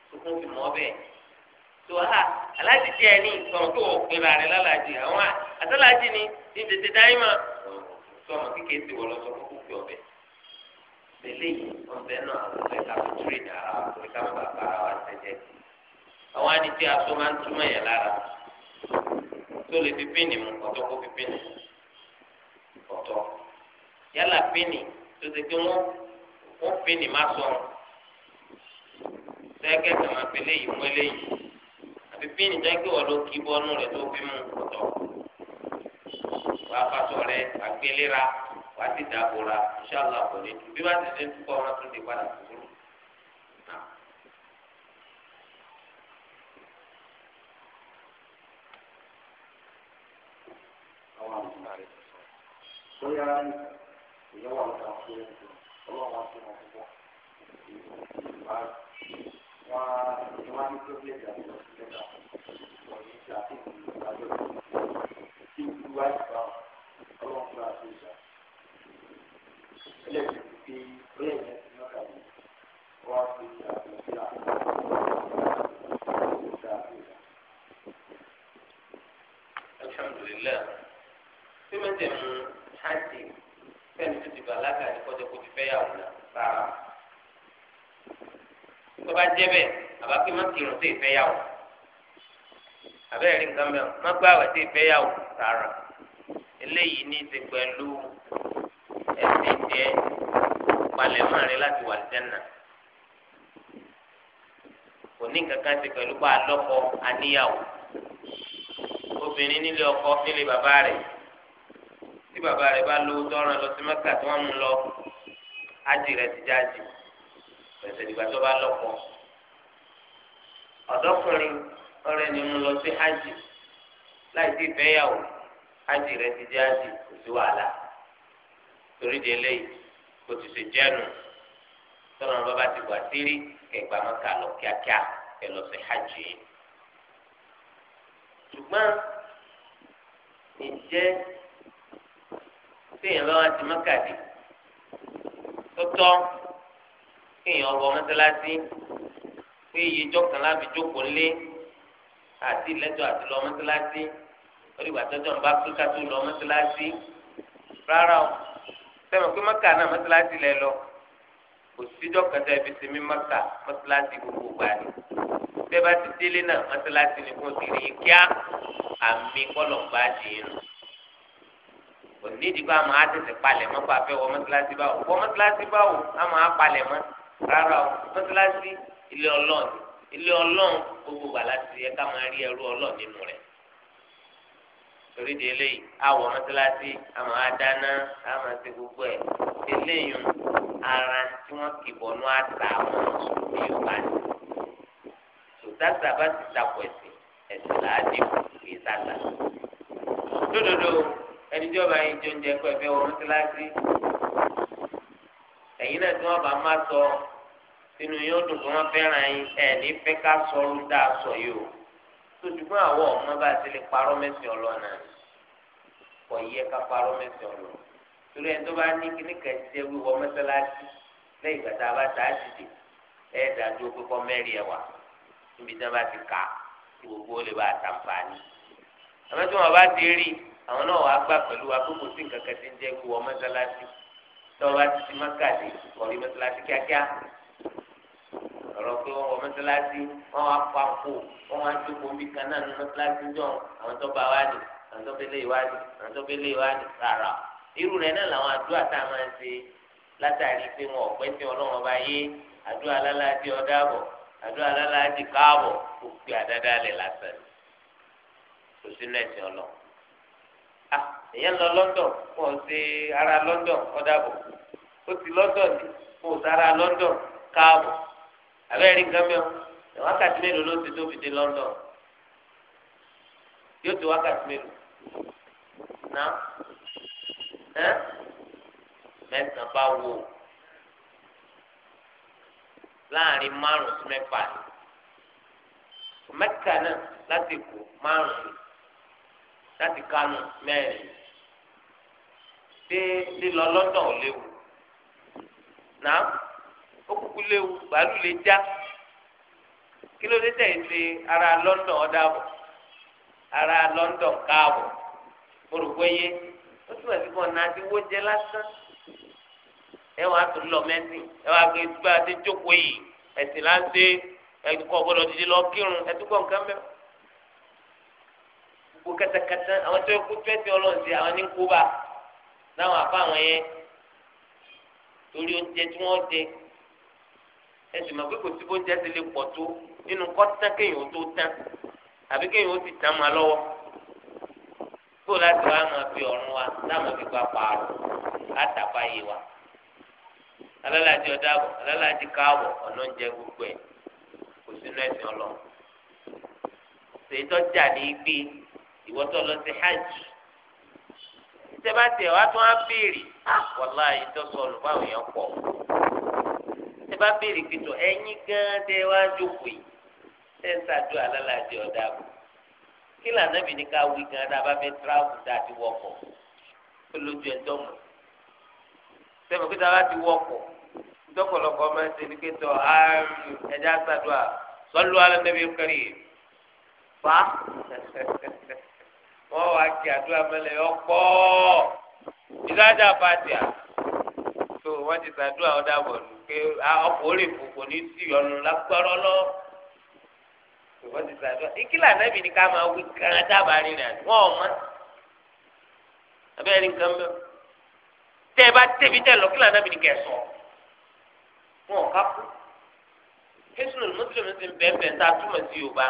tuntun fi mọ́ bẹ́ẹ̀ tó a aláàjì tí ẹ ní sọ̀rọ̀ tó o pèrè àrẹ lálàjì àwọn àtàlàjì ni ní tètè dáhìn mọ́ sọ̀rọ̀ kíkẹ́ ti wọ̀ lọ́sọ̀ fún kúkú ọ̀bẹ tẹ́lẹ̀ yìí wọ́n bẹ́ẹ̀ náà àwọn ọ̀rẹ́ ká fi túrè ní ara ọ̀rẹ́ ká bàbá wa tẹ́jẹ́ àwọn àdìtí aṣọ máa ń túmọ̀ yẹn lára tó lè fi pínì mu ọ̀tọ̀ kó fi pínì ọ̀tọ̀ yálà pínì tó ti pé wọ́n wọ́n pínì má sọ̀rọ̀ sẹ́gẹ́ tó máa fi léyìí mú eléyìí àbí pínì jẹ́ kí wọ́n ló kí bọ́nú rẹ̀ tó fi mú ọ̀tọ̀ wàá fàtọ̀ rẹ̀ àgbélera wàá ti dàbò ra inṣàlá kò ní bí wàá ti dé tukọ̀ wọn tún lè padà tó bóyá èèyàn wà lọ́dọ̀ àwọn fúlẹ̀ tó ọlọ́run wá sí púpọ̀ wọn á ní tó bí ẹ̀dá lọ sí lẹ́dà wọ́n ní ìjà tó ń ìdájọ́ tí ó lu wáyé bá ọlọ́run fúnra tó ìjà ẹlẹ́sìn ti pé bóyá ìyẹn ti náà kàwé wọ́n á fi ìjà tó sí àná. Alhamdulillah tí mẹ́tẹ̀ mú hajj fẹ́ni tó ti bàlágà ní kọjá kó ti fẹ́ yà wùlá rárá tó bá jẹ́ bẹ́ẹ̀ àbá kí má kírun tó ìfẹ́ yà wù àbẹ́rẹ́ nǹkan mẹ́wọ̀n má gbààwẹ̀ tó ìfẹ́ yà wù rárá eléyìí ní ti pẹ̀lú ẹ̀sìn jẹ́ palẹ̀mọ́ rẹ láti wà lẹ́nà kò ní kankan ti pẹ̀lú pa lọ́kọ aníyàwó obìnrin nílé ọkọ nílé bàbá rẹ̀ bàbá rẹ̀ bá lówó tọ́ran lọ sí mẹ́kà tí wọ́n mú lọ ájì rẹ̀ ti jáde pẹ̀sẹ̀ ìgbà tó bá lọ́pọ̀ ọ̀dọ́kùnrin ọ̀rẹ́ ni mo lọ sí ájì láì sí ìfẹ́yàwó ájì rẹ̀ ti jáde kò sí wàhálà torí di eléyìí kò ti ṣe jẹ́nu tọ́nà bàbá ti gbà sírí kẹgbà mẹ́kà lọ kíákíá kẹ lọ sí ájì yìí ṣùgbọ́n téèyàn bá wá ti mọ́kàdé tó tọ́ kéèyàn ọwọ́ mọ́sálásí pé iye ìjọ kan láti jókòó lé àti ìlẹ́jọ́ àti lọ mọ́sálásí lórí ìgbà tó jọ̀ọ́ bá pínká tó lọ mọ́sálásí rárá o sẹ́mi pé mọ́kà náà mọ́sálásí lẹ lọ kò síjọ́ kan tẹ́ fi sinmi mọ́kà mọ́sálásí gbogbo gbà ní bẹ́ẹ̀ bá ti délé náà mọ́sálásí ni kò sì rí kíá àmì kọ́lọ̀ bá dì í nù òní ìdìbò àmọ́ àtẹsẹ palẹ̀ mọ́ pàfẹ wọ mọ́sálásí báwo wọ mọ́sálásí báwo àmọ́ àpalẹ̀ mọ́ rárá o mọ́sálásí ilé Ọlọ́run ilé Ọlọ́run gbogbo wà láti yẹ ká máa rí ẹrú Ọlọ́run nínú rẹ̀ torí de eléyìí àwọ mọ́sálásí àmọ́ àdáná àmọ́ àti gbogbo ẹ eléyìí ara tí wọn kì bọnú àtà àwọn mùsùlùmí yorùbá ni sòtásà bá ti takò ẹsẹ ẹsẹ làá dínkù kì í sàtà lódodo ẹni tí ọba yìí jọjọ ẹkọ ẹfẹ wọn mọtíláṣí ẹ̀yin náà tí wọn bá má sọ sínú yóò dùn kí wọn fẹ́ràn yín ẹ ní fẹ́ ká sọ ọrú dá a sọ yìí o sojúgbọn àwọn ọmọ bá ti lè parọ́ mẹsìn ọlọ́nà kò yẹ ká parọ́ mẹsìn ọlọ torí ẹni tó bá ní kíní kan ṣe wíwọ mọtíláṣí lẹ́yìn ìgbà bá tà á dìde ẹ dàdú pípọ mẹ́rin ẹwà níbi tí wọn bá ti kà gbogbo ó lè bá a àmọ́ tí wọn bá ti rí àwọn náà wàá gbà pẹ̀lú akókò tí nǹkan kan ti ń jẹ́ ikú wọ mọ́sálásí tọ́wọ́ bá ti ti mọ́kàdé kọ̀rí mọ́sálásí kíákíá ọ̀rọ̀ pé wọ́n wọ mọ́sálásí wọ́n wá pa kó wọ́n wá jókòó bí kan náà ní mọ́sálásí jọ àwọn tó bá wá ní àwọn tó bẹ́lẹ̀ ìwá ní àwọn tó bẹ́lẹ̀ ìwá ní rárá irú rẹ̀ náà làwọn àdúrà tá a máa ń ṣe látàrí pé wọn ọ̀pẹ́ tí ọlọ́run bá yé àdúrà lálàájì ọ̀dàbọ̀ àdúrà lálàájì káàbọ̀ kò gbé lẹ̀ lásán kò sínú ẹ̀sìn ọlọ́run ah èyàn lọ London wọn ò ṣe ara London ọ̀dàbọ̀ ó ti London ni wọn ò sára London káàbọ̀ abẹ́rẹ́ nǹkan mẹ́wọ́ ní wákàtí mélòó ló ti tó fi dé London yóò tó wákàtí mélòó náà ẹ́ mẹ́sàn-án bá wò ó láàrin márùn-ún sí mẹ́fà mẹ́kà náà láti kù márùn-ún láti kánú mẹ́rin dé lílọ lọ́dọ̀ ò léwu náà ó kúkú léwu bàálù lè já kí ló dé tẹ̀yìn sí ara London ọ̀dàbọ̀ ara London káàbọ̀ olùkóyè ó túmọ̀ sí kan náà ti wó jẹ lásán ẹ wàá tó lọ mẹ́sìn ẹ wàá gbé gbá adé jókòó yìí ẹ̀sìn láńsẹ́ ẹ̀dùkọ̀ gbọ́dọ̀ dídí lọ kírun ẹ̀dùkọ̀ nǹkan mẹ́rin gbogbo kẹtẹkẹtẹ àwọn tó kú fẹsẹ Ọlọ́run sí àwọn ní kúba láwọn afọ àwọn yẹn torí oúnjẹ tí wọn jẹ ẹsùn máa pé kò sí oúnjẹ ti lè pọ̀ tó nínú kọtán kéèyàn tó tán àbí kéèyàn ó ti tán máa lọ́wọ́ kó láti wá máa fi ọrùn wa láwọn fi gba pààrọ̀ látàbá yé wa alálàájì ọdá àbọ alálàájì káàbọ ọ̀nà oúnjẹ gbogbo ẹ̀ kò sínú ẹ̀sìn Ọlọ́run ṣèyí tó jà gbé ìwọ́tọ̀ lọ sí hajj tẹ́bàtì ẹ̀wá tó wá béèrè wàlá ìjọsọ olùbáwò yẹn pọ̀ tẹ́bà béèrè pẹ̀tọ̀ ẹ̀yìn gan tẹ́ wá jókòó yìí tẹ́ ń sàdó alálàjẹ ọ̀dà kù kí lànà bì ní ká wí gan tá a bá fẹ́ tíráàbù tá a ti wọkọ̀ olójú ẹ̀ dọ́mọ̀ tẹ́bà pé a ti wọkọ̀ dọ́kọ̀lọ́kọ̀ máa ń ṣe ní pẹ̀tọ̀ ẹ̀dá sàdó à sọ́lú alẹ́ nàbí kárì fa *laughs* wọ́n wá kí àdúrà mẹ́lẹ̀ ọ̀pọ̀ ìdájà fàtíà tó wọ́n ti sàdúrà ọ̀dà bọ̀lù pé ọkọ̀ orí ìfòkò ní sí ọ̀nà lágbọ́rọ́ lọ tó wọ́n ti sàdúrà ìkílà nẹ́bí ni ká máa wí kan dábàá rìnrìn àná wọ́n mọ́ abẹ́rẹ́ nǹkan mọ́ tẹ́ ẹ bá tẹ́bi tẹ́ lọ kílà nẹ́bí ni kẹ́ sọ wọn ò ká kú hẹ́sùn mùsùlùmí ti bẹ́ẹ̀ bẹ́ẹ̀ tá a túmọ̀ sí Yorùbá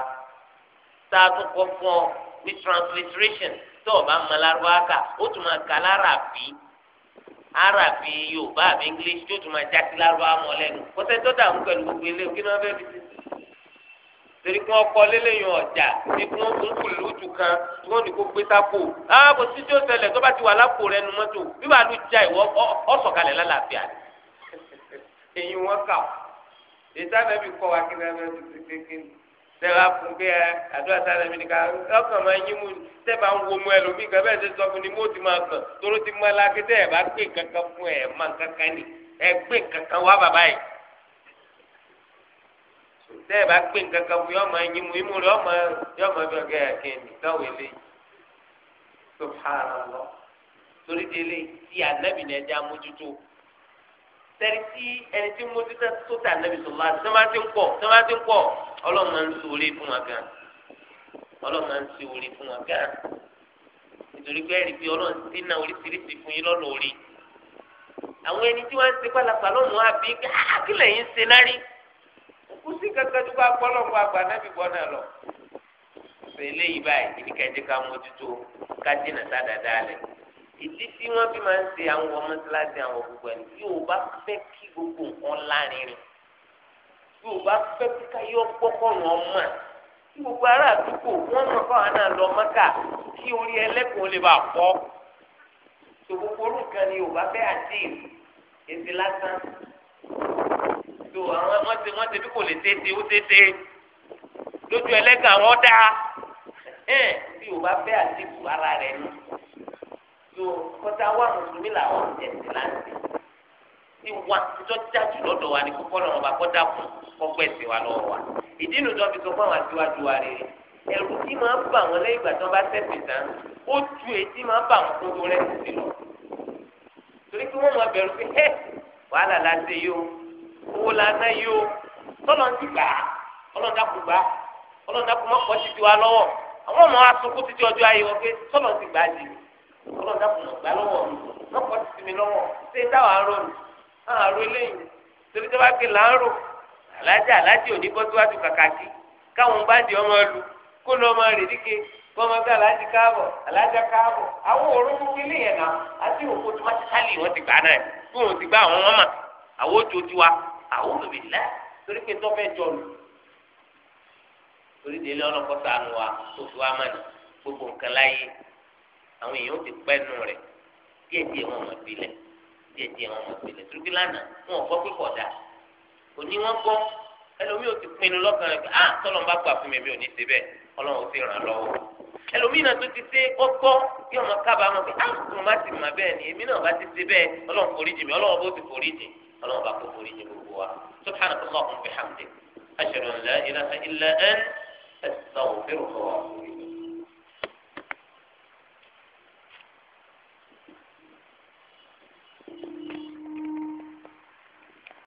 tá a tún kọ́ fún ọ ní transliteration tó o bá mọ lárúbáwá kà ó tún máa kà láràbí àràbí yorùbá àbí english tó tún máa jáde lárúbáwá mọ́ lẹ́nu kó sẹ́ tó dààmú pẹ̀lú gbogbo eléyìí kí ni wọ́n fẹ́ fi sí torí kí wọ́n kọ́ lélẹ́yìn ọjà ní kí wọ́n kún kùlù jù kan tí wọ́n ní kó gbé sápò ààbò síjú ọ̀sẹ̀lẹ̀ tó bá ti wà lápò rẹ̀ nu mọ́tò bí wàá lu já ìwọ ọ̀sọ̀kalẹ̀ lálàáfíà ni. èyí *laughs* wọn kà ìsáfẹ́ bí kọ́ wa kí ni wọ́n fẹ́ fi sí kékeré tẹ́wàá fún pé ẹ àdúrà sáré mi nìkan ọkàn máa yín mu tẹ́wàá ń wo mu ẹlòmíì kan bẹ́ẹ̀ ṣe sọ fún ni mo ti máa kàn tóró ti mọ alákété ẹ̀ bá pè kankan fún ẹ̀ máa kankan ni ẹ pè kankan wá bàbá yìí tẹ́ ẹ kankan fún yọ́ọ́ máa yín mu imú rẹ̀ yọ́ọ́ máa yọ́ọ́ máa fi ọ̀gá ẹ̀ kí ni káwé lé subhanallah torí délé tí ànábì ní ẹja mójútó sẹ́ni tí ẹni tí mójú tó tà nàbì sọ̀lá sẹ́máàtì ń pọ̀ sẹ́máàtì ń pọ̀ ọlọ́run máa ń so orí fún wa gan ọlọ́run máa ń so orí fún wa gan nítorí pé ẹ̀rí pé ọlọ́run ti ná oríṣiríṣi fún yín lọ́nà orí àwọn ẹni tí wọ́n ń ṣe pálapà lọ́nà àbí ah, kílẹ̀ yín ṣe náà rí kú sí kankan tó bá gbọ́ lọ́kọ́ àgbà nábì bọ́ náà lọ. ṣe eléyìí báyìí ìdí tí wọ́n fi máa ń ṣe àwọn ọmọ mọ́sálásí àwọn gbogbo ẹni tí o bá fẹ́ kí gbogbo nǹkan lárinrin tí o bá fẹ́ kí káyọ gbọkànlọ ọmọ tí gbogbo ará àdúgbò wọn mọ fáwọn náà lọ mọkà kí orí ẹlẹkùn lè bá pọ̀ tó gbogbo olùkan ni o bá fẹ́ àti èsì lásán tó àwọn wọ́n ti wọ́n ti bí kò lè tètè ó tètè lójú ẹlẹgàn àwọn dá ẹ tí o bá fẹ́ àti ìbù ara rẹ nù yóò kọjá wà mùsùlùmí làwọn tẹ̀sí láti ti wà tó jájú lọ́dọ̀ wa ní kókó lọ́wọ́ bá kọjá fún kókó ẹ̀sìn wa lọ́wọ́ wa ìdí inú tó fi sọ fún àwọn àtiwájú wa rere ẹ̀rù tí máa ń bà wọ́n lẹ́yìn ìgbà tó bá tẹ̀sí tán ó ju èyí tí máa ń bà wọ́n tó tó rẹ̀ sí lọ torí pé wọ́n máa bẹ̀rù pé ẹ́ wàhálà la ṣe yó owó la ná yó tọ́lọ́ ti gbà ọlọ́dà kù gbà ọlọ́dà kù mọ́kọ́ ti ti wa lọ́wọ́ àwọn ọmọ asokó ti ti ọjọ́ ayé wọn pé tọ́lọ́ ti gbà á ọlọ́run dàpọ̀ gbà lọ́wọ́ mi lọ́kọ̀ ti mi lọ́wọ́ ṣé táwọn arọ mi àwọn arọ eléyìí torí tó bá gbé làárò alájà alájà òní bọ́ síwájú káwọn bá di lu kó lọ ọmọ díke kó ọmọ bí alájà káàbọ̀ alájà káàbọ̀ àwọn òórùn ilé yẹn náà àti òkú tó má ti sálì wọn ti gbà náà kí wọn ti gbà àwọn mà àwọn ojú àwọn èèyàn ti pẹ́ nù rẹ̀ díẹ̀ díẹ̀ wọn mọ̀ gbilẹ̀ díẹ̀ díẹ̀ wọn mọ̀ gbilẹ̀ turuki lánàá wọn ò gbọ́ pé kọ̀ dà òní wọn gbọ́ ẹlòmíì ò ti pinnu lọ́kàn rẹ̀ pé ah tọ́lọ̀ ń bá gbà fún mi mi ò ní ṣe bẹ́ẹ̀ ọlọ́run ò sì ràn án lọ́wọ́ ẹlòmíì náà tó ti ṣe ọgbọ́ bí ọmọ kábàámọ̀ pé ah mo bá ti mà bẹ́ẹ̀ ni èmi náà bá ti ṣe bẹ́ẹ̀ ọlọ́run foríjì